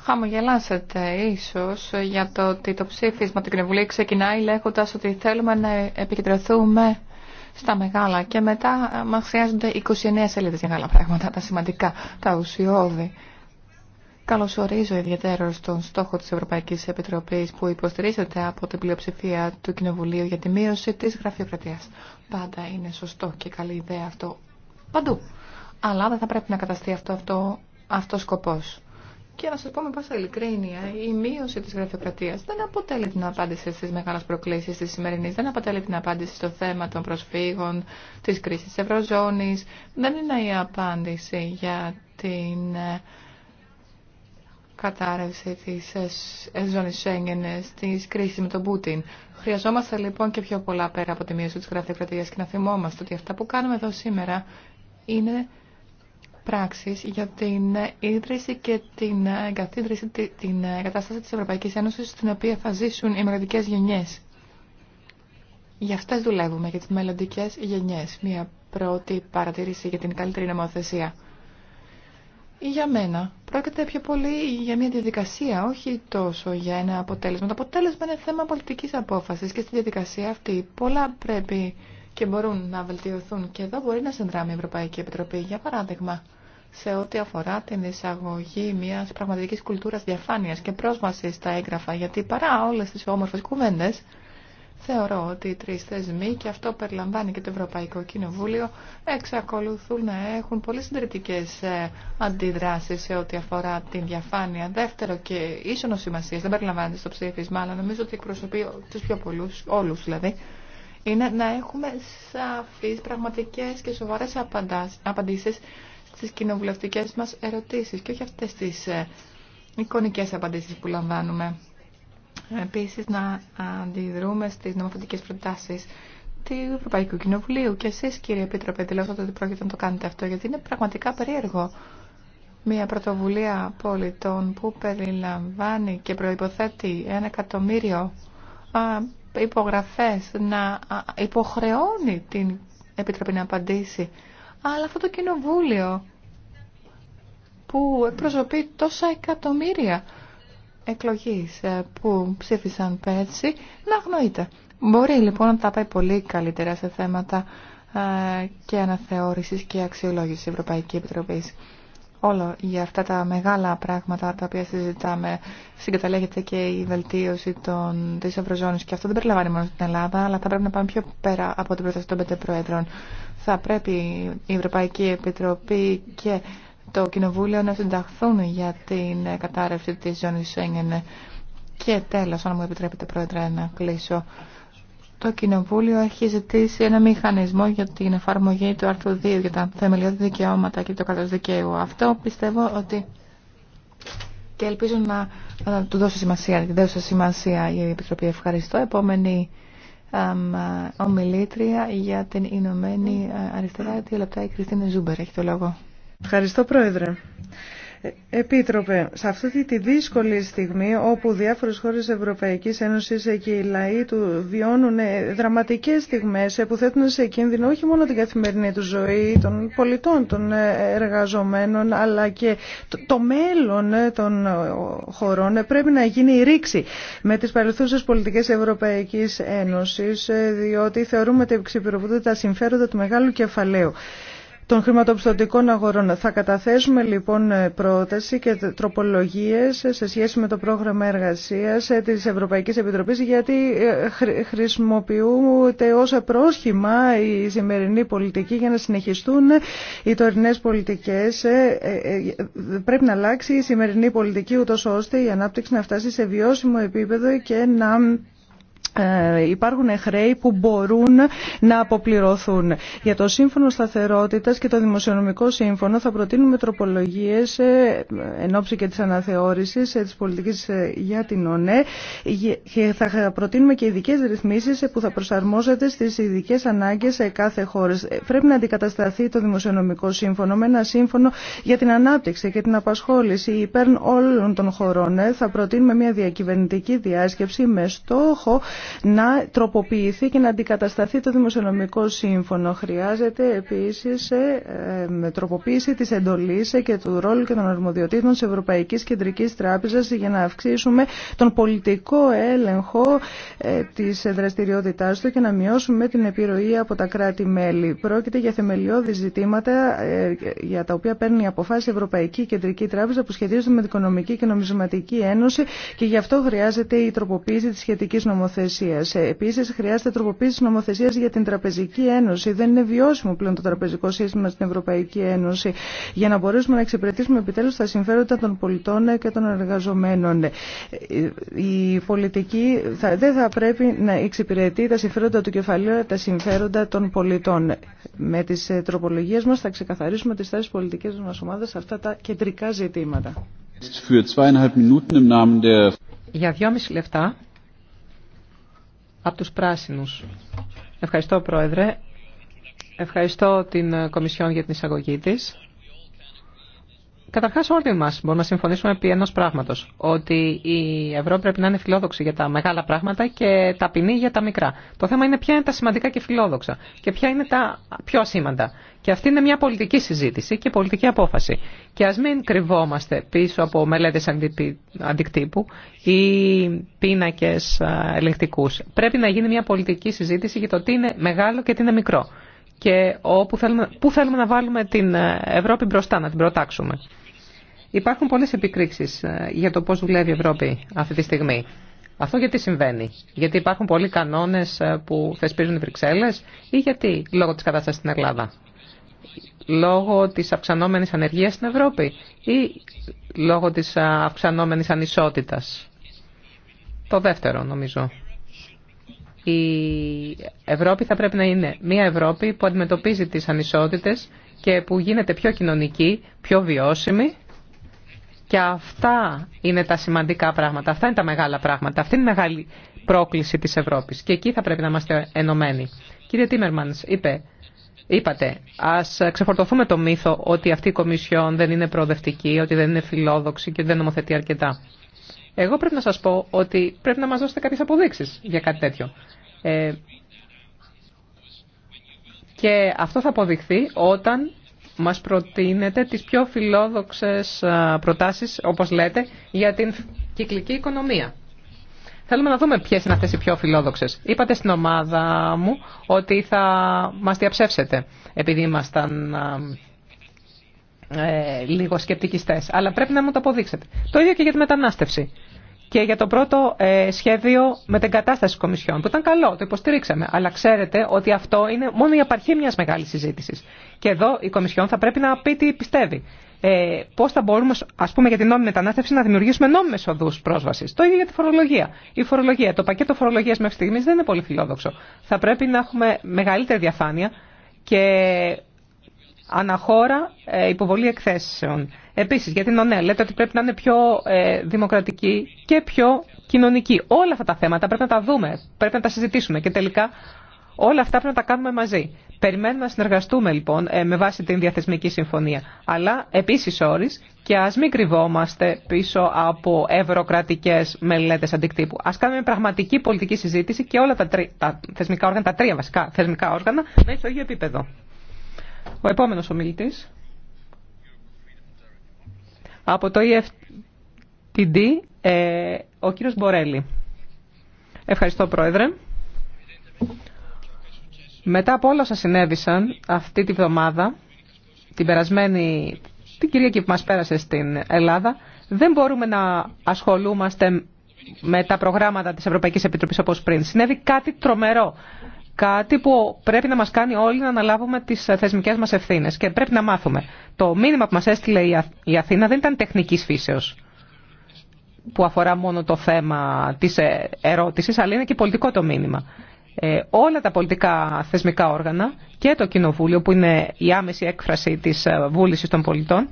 χαμογελάσετε ίσως για το ότι το ψήφισμα του Κοινοβουλίου ξεκινάει λέγοντας ότι θέλουμε να επικεντρωθούμε στα μεγάλα και μετά μα χρειάζονται 29 σελίδε για άλλα πράγματα, τα σημαντικά, τα ουσιώδη. Καλωσορίζω ιδιαίτερο τον στόχο τη Ευρωπαϊκή Επιτροπή που υποστηρίζεται από την πλειοψηφία του Κοινοβουλίου για τη μείωση της γραφειοκρατίας. Πάντα είναι σωστό και καλή ιδέα αυτό παντού. Αλλά δεν θα πρέπει να καταστεί αυτό, αυτό, σκοπό και να σα πω με πάσα ειλικρίνεια, η μείωση τη γραφειοκρατία δεν αποτελεί την απάντηση στι μεγάλε προκλήσει τη σημερινή, δεν αποτελεί την απάντηση στο θέμα των προσφύγων, τη κρίση τη Ευρωζώνη, δεν είναι η απάντηση για την ε, κατάρρευση τη ε, ε, ζώνη Σέγγεν, τη κρίση με τον Πούτιν. Χρειαζόμαστε λοιπόν και πιο πολλά πέρα από τη μείωση τη γραφειοκρατία και να θυμόμαστε ότι αυτά που κάνουμε εδώ σήμερα είναι πράξεις για την ίδρυση και την εγκαθίδρυση, την κατάσταση της Ευρωπαϊκής Ένωσης στην οποία θα ζήσουν οι μελλοντικές γενιές. Για αυτές δουλεύουμε, για τις μελλοντικές γενιές. Μία πρώτη παρατήρηση για την καλύτερη νομοθεσία. Για μένα πρόκειται πιο πολύ για μια διαδικασία, όχι τόσο για ένα αποτέλεσμα. Το αποτέλεσμα είναι θέμα πολιτικής απόφασης και στη διαδικασία αυτή πολλά πρέπει και μπορούν να βελτιωθούν. Και εδώ μπορεί να συνδράμει η Ευρωπαϊκή Επιτροπή. Για παράδειγμα, σε ό,τι αφορά την εισαγωγή μιας πραγματικής κουλτούρας διαφάνειας και πρόσβαση στα έγγραφα, γιατί παρά όλες τις όμορφες κουβέντες, θεωρώ ότι οι τρεις θεσμοί, και αυτό περιλαμβάνει και το Ευρωπαϊκό Κοινοβούλιο, εξακολουθούν να έχουν πολύ συντηρητικέ ε, αντιδράσεις σε ό,τι αφορά την διαφάνεια. Δεύτερο και ίσονο σημασία, δεν περιλαμβάνεται στο ψήφισμα, αλλά νομίζω ότι εκπροσωπεί τους πιο πολλούς, όλους δηλαδή, είναι να έχουμε σαφείς, πραγματικές και σοβαρές απαντήσεις Στι κοινοβουλευτικές μας ερωτήσεις και όχι αυτές τις ε, εικονικές απαντήσεις που λαμβάνουμε. Επίσης, να αντιδρούμε στις νομοθετικές προτάσεις του Ευρωπαϊκού Κοινοβουλίου. Και εσείς, κύριε Επίτροπε, δηλώσατε ότι πρόκειται να το κάνετε αυτό, γιατί είναι πραγματικά περίεργο. Μια πρωτοβουλία πολιτών που περιλαμβάνει και προϋποθέτει ένα εκατομμύριο υπογραφές να υποχρεώνει την Επιτροπή να απαντήσει αλλά αυτό το κοινοβούλιο που εκπροσωπεί τόσα εκατομμύρια εκλογής ε, που ψήφισαν πέρσι να αγνοείται. Μπορεί λοιπόν να τα πάει πολύ καλύτερα σε θέματα ε, και αναθεώρησης και αξιολόγησης Ευρωπαϊκής Επιτροπής όλο για αυτά τα μεγάλα πράγματα τα οποία συζητάμε συγκαταλέγεται και η βελτίωση των, της Ευρωζώνης και αυτό δεν περιλαμβάνει μόνο την Ελλάδα αλλά θα πρέπει να πάμε πιο πέρα από την πρόταση των πέντε προέδρων. Θα πρέπει η Ευρωπαϊκή Επιτροπή και το Κοινοβούλιο να συνταχθούν για την κατάρρευση της ζώνης Σέγγεν. Και τέλος, αν μου επιτρέπετε πρόεδρε να κλείσω το Κοινοβούλιο έχει ζητήσει ένα μηχανισμό για την εφαρμογή του άρθρου 2 για τα θεμελιώδη δικαιώματα και το κράτο δικαίου. Αυτό πιστεύω ότι και ελπίζω να, του δώσω σημασία, να δώσω σημασία η Επιτροπή. Ευχαριστώ. Επόμενη ομιλήτρια για την Ηνωμένη Αριστερά, δύο λεπτά η Κριστίνα Ζούμπερ. Έχει το λόγο. Ευχαριστώ, Πρόεδρε. Επίτροπε, σε αυτή τη δύσκολη στιγμή όπου διάφορες χώρες Ευρωπαϊκής Ένωσης και οι λαοί του βιώνουν ε, δραματικές στιγμές που θέτουν σε κίνδυνο όχι μόνο την καθημερινή του ζωή των πολιτών, των ε, εργαζομένων αλλά και το μέλλον ε, των χωρών πρέπει να γίνει η ρήξη με τις παρελθούσες πολιτικές Ευρωπαϊκής Ένωσης διότι θεωρούμε ότι εξυπηρετούνται τα συμφέροντα του μεγάλου κεφαλαίου των χρηματοπιστωτικών αγορών. Θα καταθέσουμε λοιπόν πρόταση και τροπολογίες σε σχέση με το πρόγραμμα εργασίας της Ευρωπαϊκής Επιτροπής γιατί ε, χρησιμοποιούνται ως πρόσχημα η σημερινή πολιτική για να συνεχιστούν οι τωρινές πολιτικές. Ε, ε, πρέπει να αλλάξει η σημερινή πολιτική ούτως ώστε η ανάπτυξη να φτάσει σε βιώσιμο επίπεδο και να ε, υπάρχουν χρέη που μπορούν να αποπληρωθούν. Για το Σύμφωνο Σταθερότητας και το Δημοσιονομικό Σύμφωνο θα προτείνουμε τροπολογίες ε, εν ώψη και της αναθεώρησης ε, της πολιτικής για την ΟΝΕ και θα προτείνουμε και ειδικέ ρυθμίσεις που θα προσαρμόζονται στις ειδικέ ανάγκες σε κάθε χώρα. Πρέπει να αντικατασταθεί το Δημοσιονομικό Σύμφωνο με ένα σύμφωνο για την ανάπτυξη και την απασχόληση υπέρ όλων των χωρών. Θα προτείνουμε μια διακυβερνητική διάσκεψη με στόχο να τροποποιηθεί και να αντικατασταθεί το Δημοσιονομικό Σύμφωνο. Χρειάζεται επίσης ε, με τροποποίηση της εντολής ε, και του ρόλου και των αρμοδιοτήτων της Ευρωπαϊκής Κεντρικής Τράπεζας για να αυξήσουμε τον πολιτικό έλεγχο ε, της δραστηριότητάς του και να μειώσουμε την επιρροή από τα κράτη-μέλη. Πρόκειται για θεμελιώδη ζητήματα για τα οποία παίρνει αποφάση η Ευρωπαϊκή Κεντρική Τράπεζα που σχετίζονται με την Οικονομική και Νομισματική Ένωση και γι' αυτό χρειάζεται η τροποποίηση της σχετικής νομοθεσίας νομοθεσία. Επίση, χρειάζεται τροποποίηση νομοθεσία για την Τραπεζική Ένωση. Δεν είναι βιώσιμο πλέον το τραπεζικό σύστημα στην Ευρωπαϊκή Ένωση. Για να μπορέσουμε να εξυπηρετήσουμε επιτέλου τα συμφέροντα των πολιτών και των εργαζομένων. Η πολιτική δεν θα πρέπει να εξυπηρετεί τα συμφέροντα του κεφαλαίου, τα συμφέροντα των πολιτών. Με τι ε, τροπολογίε μα θα ξεκαθαρίσουμε τι θέσει πολιτικέ μα ομάδα σε αυτά τα κεντρικά ζητήματα. Για δυόμιση λεπτά από τους πράσινους. Ευχαριστώ, Πρόεδρε. Ευχαριστώ την Κομισιόν για την εισαγωγή της. Καταρχά όλοι μα μπορούμε να συμφωνήσουμε επί ενό πράγματος, ότι η Ευρώπη πρέπει να είναι φιλόδοξη για τα μεγάλα πράγματα και ταπεινή για τα μικρά. Το θέμα είναι ποια είναι τα σημαντικά και φιλόδοξα και ποια είναι τα πιο ασήμαντα. Και αυτή είναι μια πολιτική συζήτηση και πολιτική απόφαση. Και α μην κρυβόμαστε πίσω από μελέτε αντικτύπου ή πίνακε ελεγκτικούς. Πρέπει να γίνει μια πολιτική συζήτηση για το τι είναι μεγάλο και τι είναι μικρό και όπου θέλουμε, πού θέλουμε να βάλουμε την Ευρώπη μπροστά, να την προτάξουμε. Υπάρχουν πολλές επικρίξεις ε, για το πώς δουλεύει η Ευρώπη αυτή τη στιγμή. Αυτό γιατί συμβαίνει. Γιατί υπάρχουν πολλοί κανόνες ε, που θεσπίζουν οι Βρυξέλλες ή γιατί λόγω της κατάστασης στην Ελλάδα. Λόγω της αυξανόμενης ανεργίας στην Ευρώπη ή λόγω της ε, αυξανόμενης ανισότητας. Το δεύτερο νομίζω η Ευρώπη θα πρέπει να είναι μια Ευρώπη που αντιμετωπίζει τις ανισότητες και που γίνεται πιο κοινωνική, πιο βιώσιμη. Και αυτά είναι τα σημαντικά πράγματα, αυτά είναι τα μεγάλα πράγματα, αυτή είναι η μεγάλη πρόκληση της Ευρώπης. Και εκεί θα πρέπει να είμαστε ενωμένοι. Κύριε Τίμερμανς, είπε, είπατε, ας ξεφορτωθούμε το μύθο ότι αυτή η Κομισιόν δεν είναι προοδευτική, ότι δεν είναι φιλόδοξη και δεν νομοθετεί αρκετά. Εγώ πρέπει να σας πω ότι πρέπει να μας δώσετε κάποιες αποδείξεις για κάτι τέτοιο. Ε, και αυτό θα αποδειχθεί όταν μας προτείνετε τις πιο φιλόδοξες προτάσεις, όπως λέτε, για την κυκλική οικονομία. Θέλουμε να δούμε ποιε είναι αυτές οι πιο φιλόδοξες. Είπατε στην ομάδα μου ότι θα μας διαψεύσετε, επειδή ήμασταν ε, λίγο σκεπτικιστέ. Αλλά πρέπει να μου το αποδείξετε. Το ίδιο και για τη μετανάστευση και για το πρώτο ε, σχέδιο με την της Κομισιόν, που ήταν καλό, το υποστηρίξαμε. Αλλά ξέρετε ότι αυτό είναι μόνο η απαρχή μια μεγάλη συζήτηση. Και εδώ η Κομισιόν θα πρέπει να πει τι πιστεύει. Ε, Πώ θα μπορούμε, α πούμε, για την νόμιμη μετανάστευση να δημιουργήσουμε νόμιμε οδού πρόσβαση. Το ίδιο για τη φορολογία. Η φορολογία, το πακέτο φορολογία μέχρι στιγμή δεν είναι πολύ φιλόδοξο. Θα πρέπει να έχουμε μεγαλύτερη διαφάνεια και αναχώρα ε, υποβολή εκθέσεων. Επίσης, για την ονέα λέτε ότι πρέπει να είναι πιο ε, δημοκρατική και πιο κοινωνική. Όλα αυτά τα θέματα πρέπει να τα δούμε, πρέπει να τα συζητήσουμε και τελικά όλα αυτά πρέπει να τα κάνουμε μαζί. Περιμένουμε να συνεργαστούμε λοιπόν ε, με βάση την διαθεσμική συμφωνία. Αλλά επίσης όρις και ας μην κρυβόμαστε πίσω από ευρωκρατικές μελέτες αντικτύπου. Ας κάνουμε πραγματική πολιτική συζήτηση και όλα τα, τρι... τα θεσμικά όργανα, τα τρία βασικά θεσμικά όργανα, να είναι στο ίδιο επίπεδο. Ο επόμενο ομιλητή. Από το EFTD, ε, ο κύριος Μπορέλη. Ευχαριστώ, Πρόεδρε. Μετά από όλα όσα συνέβησαν αυτή τη βδομάδα, την περασμένη, την Κυρία που μας πέρασε στην Ελλάδα, δεν μπορούμε να ασχολούμαστε με τα προγράμματα της Ευρωπαϊκής Επιτροπής όπως πριν. Συνέβη κάτι τρομερό κάτι που πρέπει να μας κάνει όλοι να αναλάβουμε τις ε, θεσμικές μας ευθύνες και πρέπει να μάθουμε. Το μήνυμα που μας έστειλε η Αθήνα δεν ήταν τεχνικής φύσεως που αφορά μόνο το θέμα της ε, ερώτησης, αλλά είναι και πολιτικό το μήνυμα. Ε, όλα τα πολιτικά θεσμικά όργανα και το Κοινοβούλιο που είναι η άμεση έκφραση της ε, βούλησης των πολιτών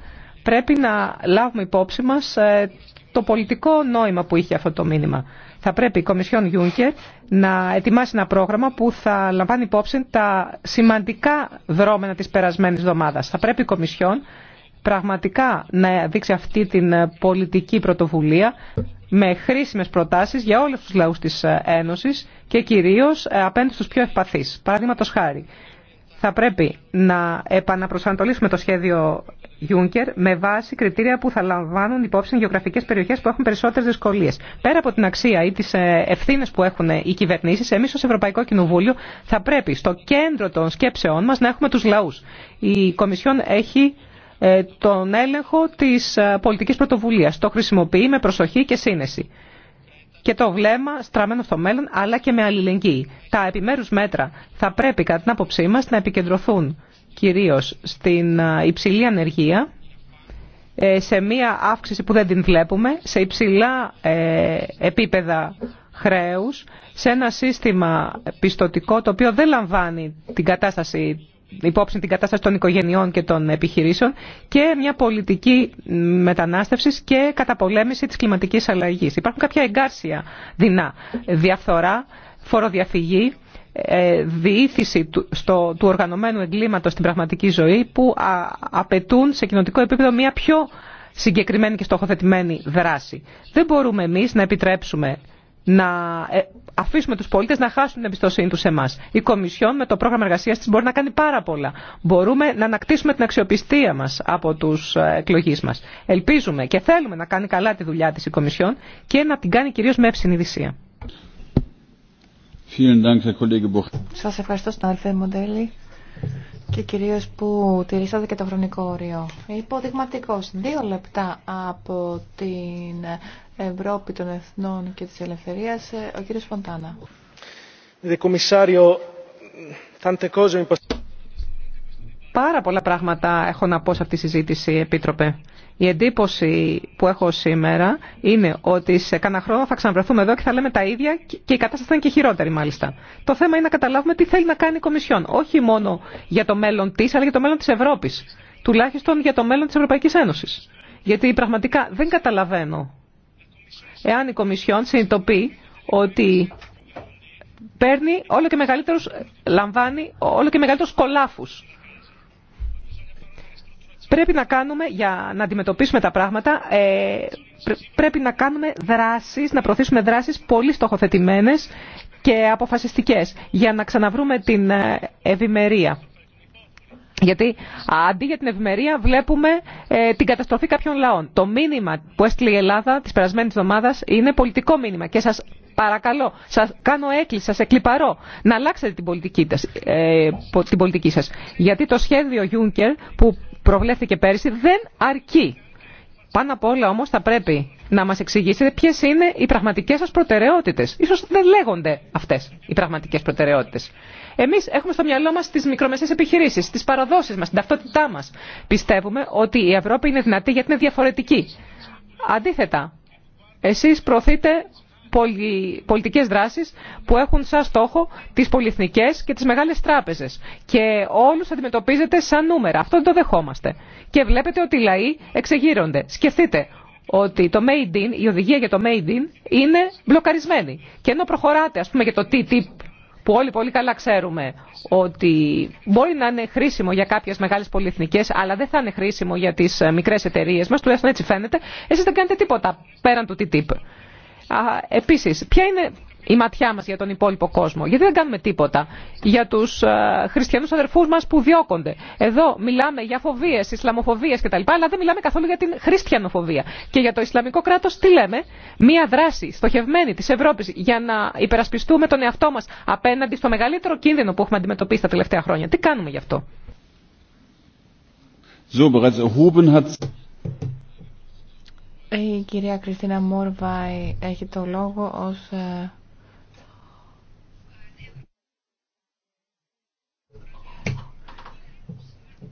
πρέπει να λάβουμε υπόψη μας ε, το πολιτικό νόημα που είχε αυτό το μήνυμα. Θα πρέπει η Κομισιόν Γιούνκερ να ετοιμάσει ένα πρόγραμμα που θα λαμβάνει υπόψη τα σημαντικά δρόμενα της περασμένης εβδομάδα. Θα πρέπει η Κομισιόν πραγματικά να δείξει αυτή την πολιτική πρωτοβουλία με χρήσιμες προτάσεις για όλους τους λαούς της Ένωσης και κυρίως απέναντι στους πιο ευπαθείς. Παραδείγματος χάρη, θα πρέπει να επαναπροσανατολίσουμε το σχέδιο Juncker με βάση κριτήρια που θα λαμβάνουν υπόψη γεωγραφικές περιοχές που έχουν περισσότερες δυσκολίες. Πέρα από την αξία ή τις ε, ευθύνε που έχουν οι κυβερνήσεις, εμείς ως Ευρωπαϊκό Κοινοβούλιο θα πρέπει στο κέντρο των σκέψεών μας να έχουμε τους λαούς. Η Κομισιόν έχει ε, τον έλεγχο της ε, πολιτικής πρωτοβουλίας. Το χρησιμοποιεί με προσοχή και σύνεση και το βλέμμα στραμμένο στο μέλλον, αλλά και με αλληλεγγύη. Τα επιμέρους μέτρα θα πρέπει, κατά την άποψή μας, να επικεντρωθούν κυρίως στην ε, υψηλή ανεργία, ε, σε μία αύξηση που δεν την βλέπουμε, σε υψηλά ε, επίπεδα χρέους, σε ένα σύστημα πιστοτικό το οποίο δεν λαμβάνει την κατάσταση υπόψη την κατάσταση των οικογενειών και των επιχειρήσεων και μια πολιτική μετανάστευση και καταπολέμηση τη κλιματική αλλαγή. Υπάρχουν κάποια εγκάρσια δεινά. Διαφθορά, φοροδιαφυγή, ε, διήθηση του, στο, του οργανωμένου εγκλήματος στην πραγματική ζωή που απαιτούν σε κοινωνικό επίπεδο μια πιο συγκεκριμένη και στοχοθετημένη δράση. Δεν μπορούμε εμείς να επιτρέψουμε να ε, αφήσουμε τους πολίτες να χάσουν την εμπιστοσύνη τους σε εμάς. Η Κομισιόν με το πρόγραμμα εργασίας της μπορεί να κάνει πάρα πολλά. Μπορούμε να ανακτήσουμε την αξιοπιστία μας από τους ε, εκλογείς μας. Ελπίζουμε και θέλουμε να κάνει καλά τη δουλειά της η Κομισιόν και να την κάνει κυρίως με ευσυνειδησία. Σας ευχαριστώ και κυρίως που τηρήσατε και το χρονικό όριο. δύο λεπτά από την Ευρώπη των Εθνών και της Ελευθερίας, ε, ο κύριος Φοντάνα. Πάρα πολλά πράγματα έχω να πω σε αυτή τη συζήτηση, Επίτροπε. Η εντύπωση που έχω σήμερα είναι ότι σε κάνα χρόνο θα ξαναβρεθούμε εδώ και θα λέμε τα ίδια και η κατάσταση θα είναι και χειρότερη μάλιστα. Το θέμα είναι να καταλάβουμε τι θέλει να κάνει η Κομισιόν. Όχι μόνο για το μέλλον τη, αλλά για το μέλλον τη Ευρώπη. Τουλάχιστον για το μέλλον τη Ευρωπαϊκή Ένωση. Γιατί πραγματικά δεν καταλαβαίνω εάν η Κομισιόν συνειδητοποιεί ότι παίρνει όλο και μεγαλύτερους, λαμβάνει όλο και μεγαλύτερους κολάφους. Πρέπει να κάνουμε, για να αντιμετωπίσουμε τα πράγματα, ε, πρέπει να κάνουμε δράσεις, να προωθήσουμε δράσεις πολύ στοχοθετημένες και αποφασιστικές για να ξαναβρούμε την ε, ευημερία. Γιατί αντί για την ευημερία βλέπουμε ε, την καταστροφή κάποιων λαών. Το μήνυμα που έστειλε η Ελλάδα τη περασμένη εβδομάδα είναι πολιτικό μήνυμα και σα παρακαλώ, σα κάνω έκκληση, σα εκλυπαρώ να αλλάξετε την πολιτική, ε, την πολιτική σας. Γιατί το σχέδιο Juncker που προβλέφθηκε πέρυσι δεν αρκεί. Πάνω απ' όλα όμως θα πρέπει να μας εξηγήσετε ποιες είναι οι πραγματικές σας προτεραιότητες. Ίσως δεν λέγονται αυτές οι πραγματικές προτεραιότητες. Εμεί έχουμε στο μυαλό μα τι μικρομεσαίες επιχειρήσει, τι παραδόσεις μα, την ταυτότητά μα. Πιστεύουμε ότι η Ευρώπη είναι δυνατή γιατί είναι διαφορετική. Αντίθετα, εσεί προωθείτε πολιτικέ δράσει που έχουν σαν στόχο τι πολυεθνικέ και τι μεγάλε τράπεζε. και όλου αντιμετωπίζετε σαν νούμερα. Αυτό δεν το δεχόμαστε. Και βλέπετε ότι οι λαοί εξεγείρονται. Σκεφτείτε ότι το made in, η οδηγία για το made in είναι μπλοκαρισμένη. Και ενώ προχωράτε ας πούμε για το TTIP που όλοι πολύ καλά ξέρουμε ότι μπορεί να είναι χρήσιμο για κάποιε μεγάλε πολυεθνικέ, αλλά δεν θα είναι χρήσιμο για τι ε, μικρέ εταιρείε μα, τουλάχιστον έτσι φαίνεται, εσεί δεν κάνετε τίποτα πέραν του TTIP. Επίση, ποια είναι η ματιά μας για τον υπόλοιπο κόσμο. Γιατί δεν κάνουμε τίποτα για τους ε, χριστιανούς αδερφούς μας που διώκονται. Εδώ μιλάμε για φοβίες, ισλαμοφοβίες κτλ. Αλλά δεν μιλάμε καθόλου για την χριστιανοφοβία. Και για το Ισλαμικό κράτος τι λέμε. Μία δράση στοχευμένη της Ευρώπης για να υπερασπιστούμε τον εαυτό μας απέναντι στο μεγαλύτερο κίνδυνο που έχουμε αντιμετωπίσει τα τελευταία χρόνια. Τι κάνουμε γι' αυτό. Η κυρία Κριστίνα Μόρβα έχει το λόγο ως ε,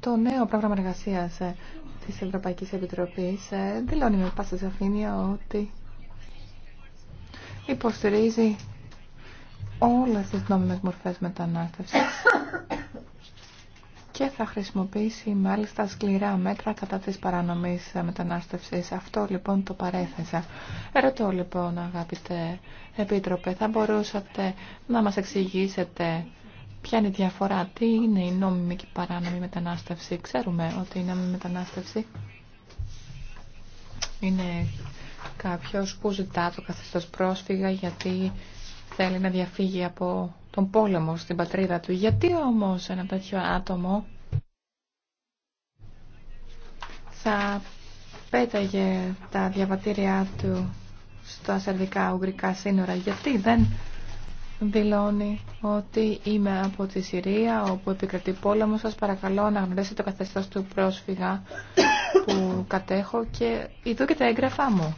Το νέο πρόγραμμα εργασία ε, τη Ευρωπαϊκή Επιτροπή ε, δηλώνει με πάσα σαφήνεια ότι υποστηρίζει όλε τι νόμιμε μορφέ μετανάστευση και θα χρησιμοποιήσει μάλιστα σκληρά μέτρα κατά της παράνομης μετανάστευσης. Αυτό λοιπόν το παρέθεσα. Ρωτώ λοιπόν αγαπητέ Επίτροπε, θα μπορούσατε να μας εξηγήσετε Ποια είναι η διαφορά, τι είναι η νόμιμη και παράνομη μετανάστευση. Ξέρουμε ότι η νόμιμη μετανάστευση είναι κάποιος που ζητά το καθεστώς πρόσφυγα γιατί θέλει να διαφύγει από τον πόλεμο στην πατρίδα του. Γιατί όμως ένα τέτοιο άτομο θα πέταγε τα διαβατήριά του στα σερβικά ουγγρικά σύνορα. Γιατί δεν δηλώνει ότι είμαι από τη Συρία όπου επικρατεί πόλεμο. Σας παρακαλώ να γνωρίσετε το καθεστώς του πρόσφυγα που κατέχω και ειδού και τα έγγραφά μου.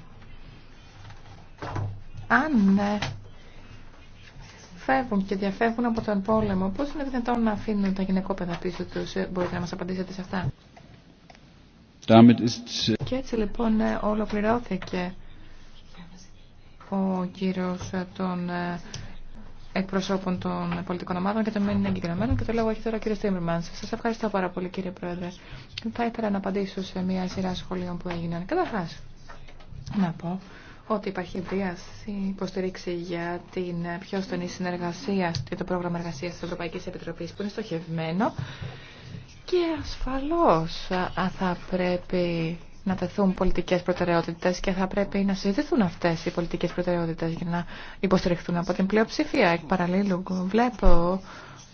Αν ναι, φεύγουν και διαφεύγουν από τον πόλεμο, πώς είναι δυνατόν να αφήνουν τα γυναικόπαιδα πίσω τους. Ε, μπορείτε να μας απαντήσετε σε αυτά. Και έτσι λοιπόν ε, ολοκληρώθηκε ο κύριος ε, των εκπροσώπων των πολιτικών ομάδων και των μεν εγγεγραμμένων. Και το λόγο έχει τώρα ο κύριο Τίμερμαν. Σα ευχαριστώ πάρα πολύ, κύριε Πρόεδρε. Θα ήθελα να απαντήσω σε μια σειρά σχολείων που έγιναν. Καταρχά, να πω ότι υπάρχει ευρεία υποστηρίξη για την πιο στενή συνεργασία και το πρόγραμμα εργασία τη Ευρωπαϊκή Επιτροπή που είναι στοχευμένο. Και ασφαλώς θα πρέπει να τεθούν πολιτικές προτεραιότητες και θα πρέπει να συζητηθούν αυτές οι πολιτικές προτεραιότητες για να υποστηριχθούν από την πλειοψηφία. Εκ παραλίλου βλέπω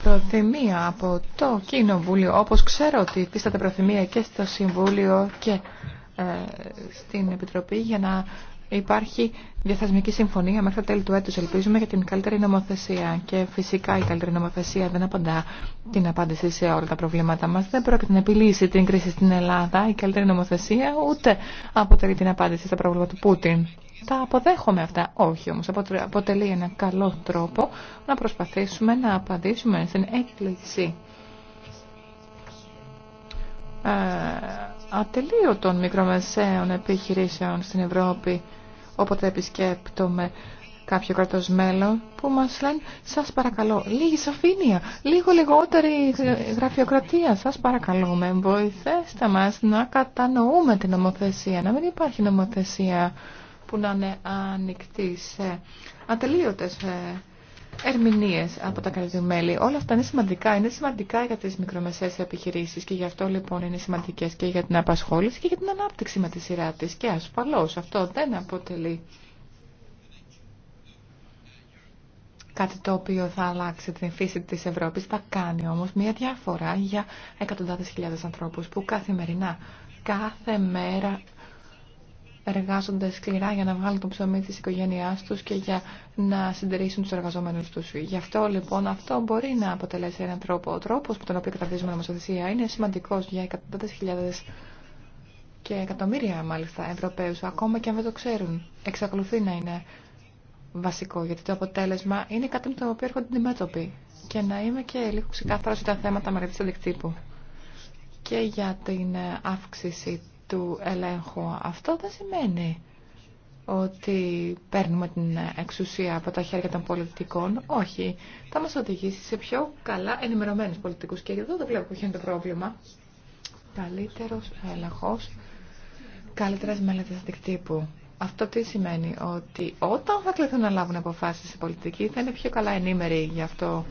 προθυμία από το Κοινοβούλιο, όπως ξέρω ότι πίσταται προθυμία και στο Συμβούλιο και ε, στην Επιτροπή για να Υπάρχει διαθεσμική συμφωνία μέχρι τα τέλη του έτους, ελπίζουμε, για την καλύτερη νομοθεσία. Και φυσικά η καλύτερη νομοθεσία δεν απαντά την απάντηση σε όλα τα προβλήματά μας. Δεν πρόκειται να επιλύσει την κρίση στην Ελλάδα. Η καλύτερη νομοθεσία ούτε αποτελεί την απάντηση στα προβλήματα του Πούτιν. Τα αποδέχομαι αυτά. Όχι όμως, αποτελεί ένα καλό τρόπο να προσπαθήσουμε να απαντήσουμε στην έκκληση ε, ατελείωτων μικρομεσαίων επιχειρήσεων στην Ευρώπη όποτε επισκέπτομαι κάποιο κρατός που μας λένε σας παρακαλώ λίγη σαφήνεια, λίγο λιγότερη γραφειοκρατία, σας παρακαλούμε βοηθέστε μας να κατανοούμε την νομοθεσία, να μην υπάρχει νομοθεσία που να είναι ανοιχτή σε ατελείωτες ε, ερμηνείες από τα κρατημέλη. Όλα αυτά είναι σημαντικά. Είναι σημαντικά για τις μικρομεσαίες επιχειρήσεις και γι' αυτό λοιπόν είναι σημαντικές και για την απασχόληση και για την ανάπτυξη με τη σειρά της. Και ασφαλώς αυτό δεν αποτελεί κάτι το οποίο θα αλλάξει την φύση της Ευρώπης. Θα κάνει όμως μια διαφορά για εκατοντάδες χιλιάδες ανθρώπους που καθημερινά, κάθε μέρα εργάζονται σκληρά για να βγάλουν το ψωμί της οικογένειάς τους και για να συντηρήσουν τους εργαζόμενους τους. Γι' αυτό λοιπόν αυτό μπορεί να αποτελέσει έναν τρόπο. Ο τρόπος που τον οποίο καταρτίζουμε νομοθεσία είναι σημαντικός για εκατοντάδες χιλιάδες και εκατομμύρια μάλιστα Ευρωπαίους, ακόμα και αν δεν το ξέρουν. Εξακολουθεί να είναι βασικό, γιατί το αποτέλεσμα είναι κάτι με το οποίο έρχονται αντιμέτωποι. Και να είμαι και λίγο ξεκάθαρο τα θέματα μελετή αντικτύπου. Και για την αύξηση του ελέγχου. Αυτό δεν σημαίνει ότι παίρνουμε την εξουσία από τα χέρια των πολιτικών. Όχι. Θα μας οδηγήσει σε πιο καλά ενημερωμένους πολιτικούς. Και εδώ δεν βλέπω ποιο είναι το πρόβλημα. Καλύτερος έλεγχος, καλύτερες μελέτες αντικτύπου. Αυτό τι σημαίνει, ότι όταν θα κληθούν να λάβουν αποφάσεις οι πολιτικοί θα είναι πιο καλά ενήμεροι γι' αυτό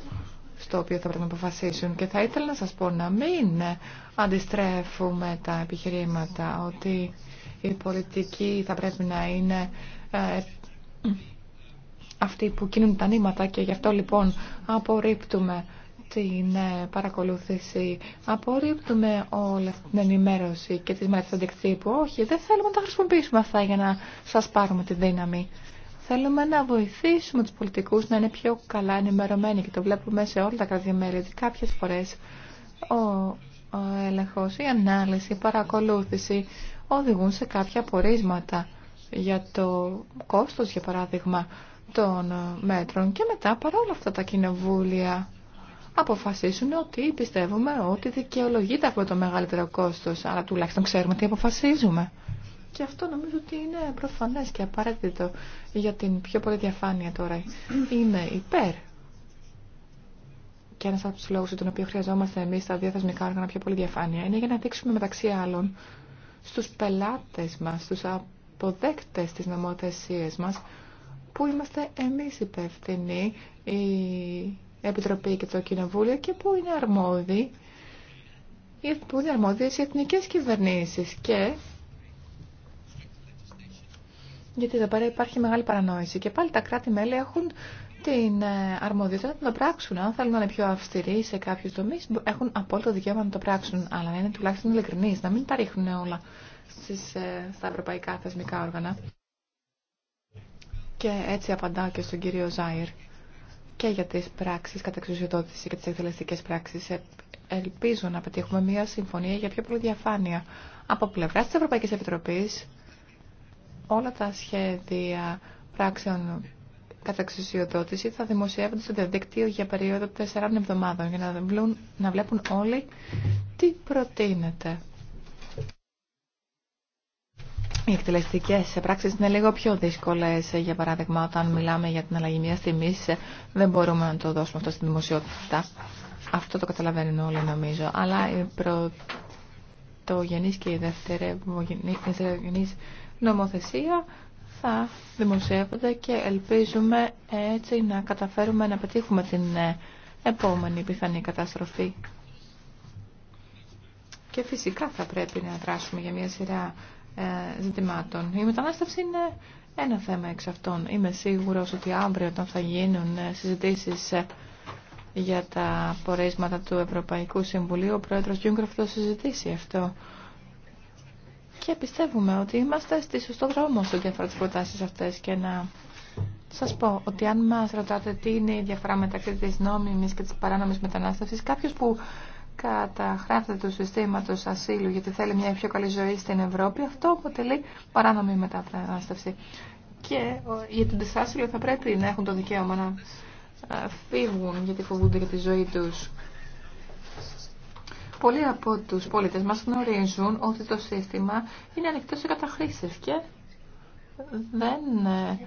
στο οποίο θα πρέπει να αποφασίσουν. Και θα ήθελα να σας πω να μην αντιστρέφουμε τα επιχειρήματα ότι η πολιτική θα πρέπει να είναι ε, αυτοί που κινούν τα νήματα και γι' αυτό λοιπόν απορρίπτουμε την ε, παρακολούθηση, απορρίπτουμε όλη αυτή την ενημέρωση και τις μέρες του αντικτύπου. Όχι, δεν θέλουμε να τα χρησιμοποιήσουμε αυτά για να σας πάρουμε τη δύναμη. Θέλουμε να βοηθήσουμε τους πολιτικούς να είναι πιο καλά ενημερωμένοι και το βλέπουμε σε όλα τα κρατημέρια ότι κάποιες φορές ο, ο έλεγχος, η ανάλυση, η παρακολούθηση οδηγούν σε κάποια απορίσματα για το κόστος, για παράδειγμα, των μέτρων και μετά παρόλα αυτά τα κοινοβούλια αποφασίσουν ότι πιστεύουμε ότι δικαιολογείται αυτό το μεγαλύτερο κόστος αλλά τουλάχιστον ξέρουμε τι αποφασίζουμε. Και αυτό νομίζω ότι είναι προφανές και απαραίτητο για την πιο πολύ διαφάνεια τώρα. Είμαι υπέρ. Και ένας από τους λόγους για τον οποίο χρειαζόμαστε εμείς τα διαθεσμικά όργανα πιο πολύ διαφάνεια είναι για να δείξουμε μεταξύ άλλων στους πελάτες μας, στους αποδέκτες της νομοθεσίας μας, που είμαστε εμείς υπεύθυνοι, η Επιτροπή και το Κοινοβούλιο και που είναι αρμόδιοι, οι εθνικές κυβερνήσεις και γιατί εδώ πέρα υπάρχει μεγάλη παρανόηση. Και πάλι τα κράτη-μέλη έχουν την ε, αρμοδιότητα να το πράξουν. Αν θέλουν να είναι πιο αυστηροί σε κάποιου τομεί, έχουν απόλυτο δικαίωμα να το πράξουν. Αλλά να είναι τουλάχιστον ειλικρινεί, να μην τα ρίχνουν όλα στις, ε, στα ευρωπαϊκά θεσμικά όργανα. Και έτσι απαντάω και στον κύριο Ζάιρ και για τι πράξει κατά εξουσιοδότηση και τι εκτελεστικέ πράξει. Ε, ελπίζω να πετύχουμε μια συμφωνία για πιο πολλή διαφάνεια από πλευρά τη Ευρωπαϊκή Επιτροπή όλα τα σχέδια πράξεων κατά θα δημοσιεύονται στο διαδίκτυο για περίοδο 4 εβδομάδων για να, να βλέπουν όλοι τι προτείνεται. Οι εκτελεστικέ πράξει είναι λίγο πιο δύσκολε. Για παράδειγμα, όταν μιλάμε για την αλλαγή μια τιμή, δεν μπορούμε να το δώσουμε αυτό στη δημοσιότητα. Αυτό το καταλαβαίνουν όλοι, νομίζω. Αλλά η πρωτογενή και η νομοθεσία θα δημοσιεύονται και ελπίζουμε έτσι να καταφέρουμε να πετύχουμε την ε, επόμενη πιθανή καταστροφή. Και φυσικά θα πρέπει να δράσουμε για μια σειρά ε, ζητημάτων. Η μετανάστευση είναι ένα θέμα εξ αυτών. Είμαι σίγουρος ότι αύριο όταν θα γίνουν ε, συζητήσεις για τα πορίσματα του Ευρωπαϊκού Συμβουλίου, ο Πρόεδρος Γιούγκροφ θα συζητήσει αυτό και πιστεύουμε ότι είμαστε στη σωστό δρόμο στο διαφορά τις προτάσεις αυτές και να σας πω ότι αν μας ρωτάτε τι είναι η διαφορά μεταξύ της νόμιμης και της παράνομης μετανάστευσης, κάποιος που συστήμα του συστήματο ασύλου γιατί θέλει μια πιο καλή ζωή στην Ευρώπη, αυτό αποτελεί παράνομη μετανάστευση. Και οι τον άσυλο θα πρέπει να έχουν το δικαίωμα να ε, φύγουν γιατί φοβούνται για τη ζωή τους. Πολλοί από τους πολίτες μας γνωρίζουν ότι το σύστημα είναι ανοιχτό σε καταχρήσεις και δεν ε,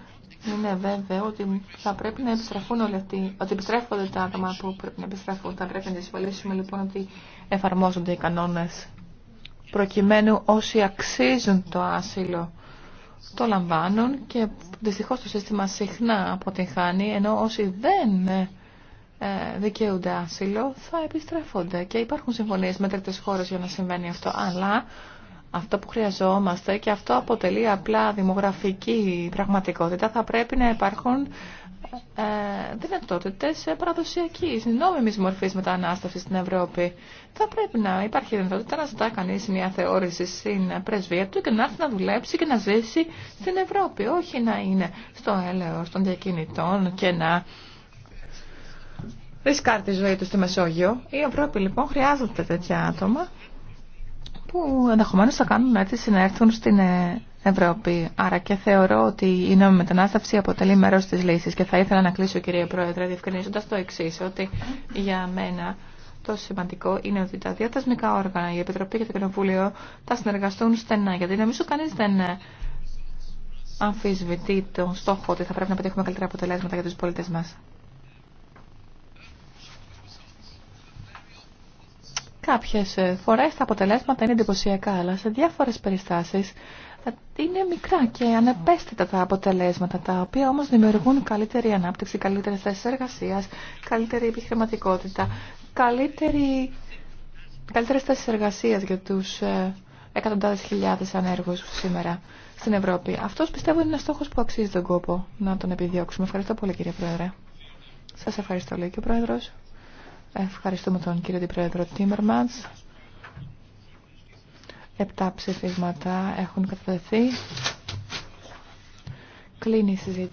είναι βέβαιο ότι θα πρέπει να επιστραφούν όλοι ότι επιστρέφονται τα άτομα που πρέπει να επιστρέφουν. Θα πρέπει να διασφαλίσουμε λοιπόν ότι εφαρμόζονται οι κανόνες προκειμένου όσοι αξίζουν το άσυλο το λαμβάνουν και δυστυχώς το σύστημα συχνά αποτυγχάνει ενώ όσοι δεν ε, ε, δικαιούνται άσυλο θα επιστρέφονται και υπάρχουν συμφωνίε με τρίτε χώρε για να συμβαίνει αυτό αλλά αυτό που χρειαζόμαστε και αυτό αποτελεί απλά δημογραφική πραγματικότητα θα πρέπει να υπάρχουν ε, δυνατότητε παραδοσιακή, νόμιμη μορφή μετανάστευση στην Ευρώπη. Θα πρέπει να υπάρχει δυνατότητα να ζητά κανεί μια θεώρηση στην πρεσβεία του και να έρθει να δουλέψει και να ζήσει στην Ευρώπη. Όχι να είναι στο έλεο των διακινητών και να Ρίσκαρ τη ζωή του στη Μεσόγειο. Η Ευρώπη λοιπόν χρειάζεται τέτοια άτομα που ενδεχομένω θα κάνουν έτσι να έρθουν στην ε, Ευρώπη. Άρα και θεωρώ ότι η νόμιμη μετανάστευση αποτελεί μέρο τη λύση. Και θα ήθελα να κλείσω, κύριε Πρόεδρε, διευκρινίζοντα το εξή, ότι για μένα το σημαντικό είναι ότι τα διατασμικά όργανα, η Επιτροπή και το Κοινοβούλιο, θα συνεργαστούν στενά. Γιατί νομίζω κανεί δεν ε, αμφισβητεί τον στόχο ότι θα πρέπει να πετύχουμε καλύτερα αποτελέσματα για του πολίτε μα. Κάποιες ε, φορές τα αποτελέσματα είναι εντυπωσιακά, αλλά σε διάφορες περιστάσεις ε, είναι μικρά και ανεπαίσθητα τα αποτελέσματα, τα οποία όμως δημιουργούν καλύτερη ανάπτυξη, καλύτερες θέσεις εργασίας, καλύτερη επιχειρηματικότητα, καλύτερη... καλύτερες θέσεις εργασίας για τους ε, εκατοντάδες χιλιάδες ανέργους σήμερα στην Ευρώπη. Αυτός πιστεύω είναι ένας στόχος που αξίζει τον κόπο να τον επιδιώξουμε. Ευχαριστώ πολύ κύριε Πρόεδρε. Σας ευχαριστώ λέει και ο Πρόεδρος. Ευχαριστούμε τον κύριο Αντιπρόεδρο Τίμερμαντς. Επτά ψηφίσματα έχουν καταδεθεί. Κλείνει η συζήτηση.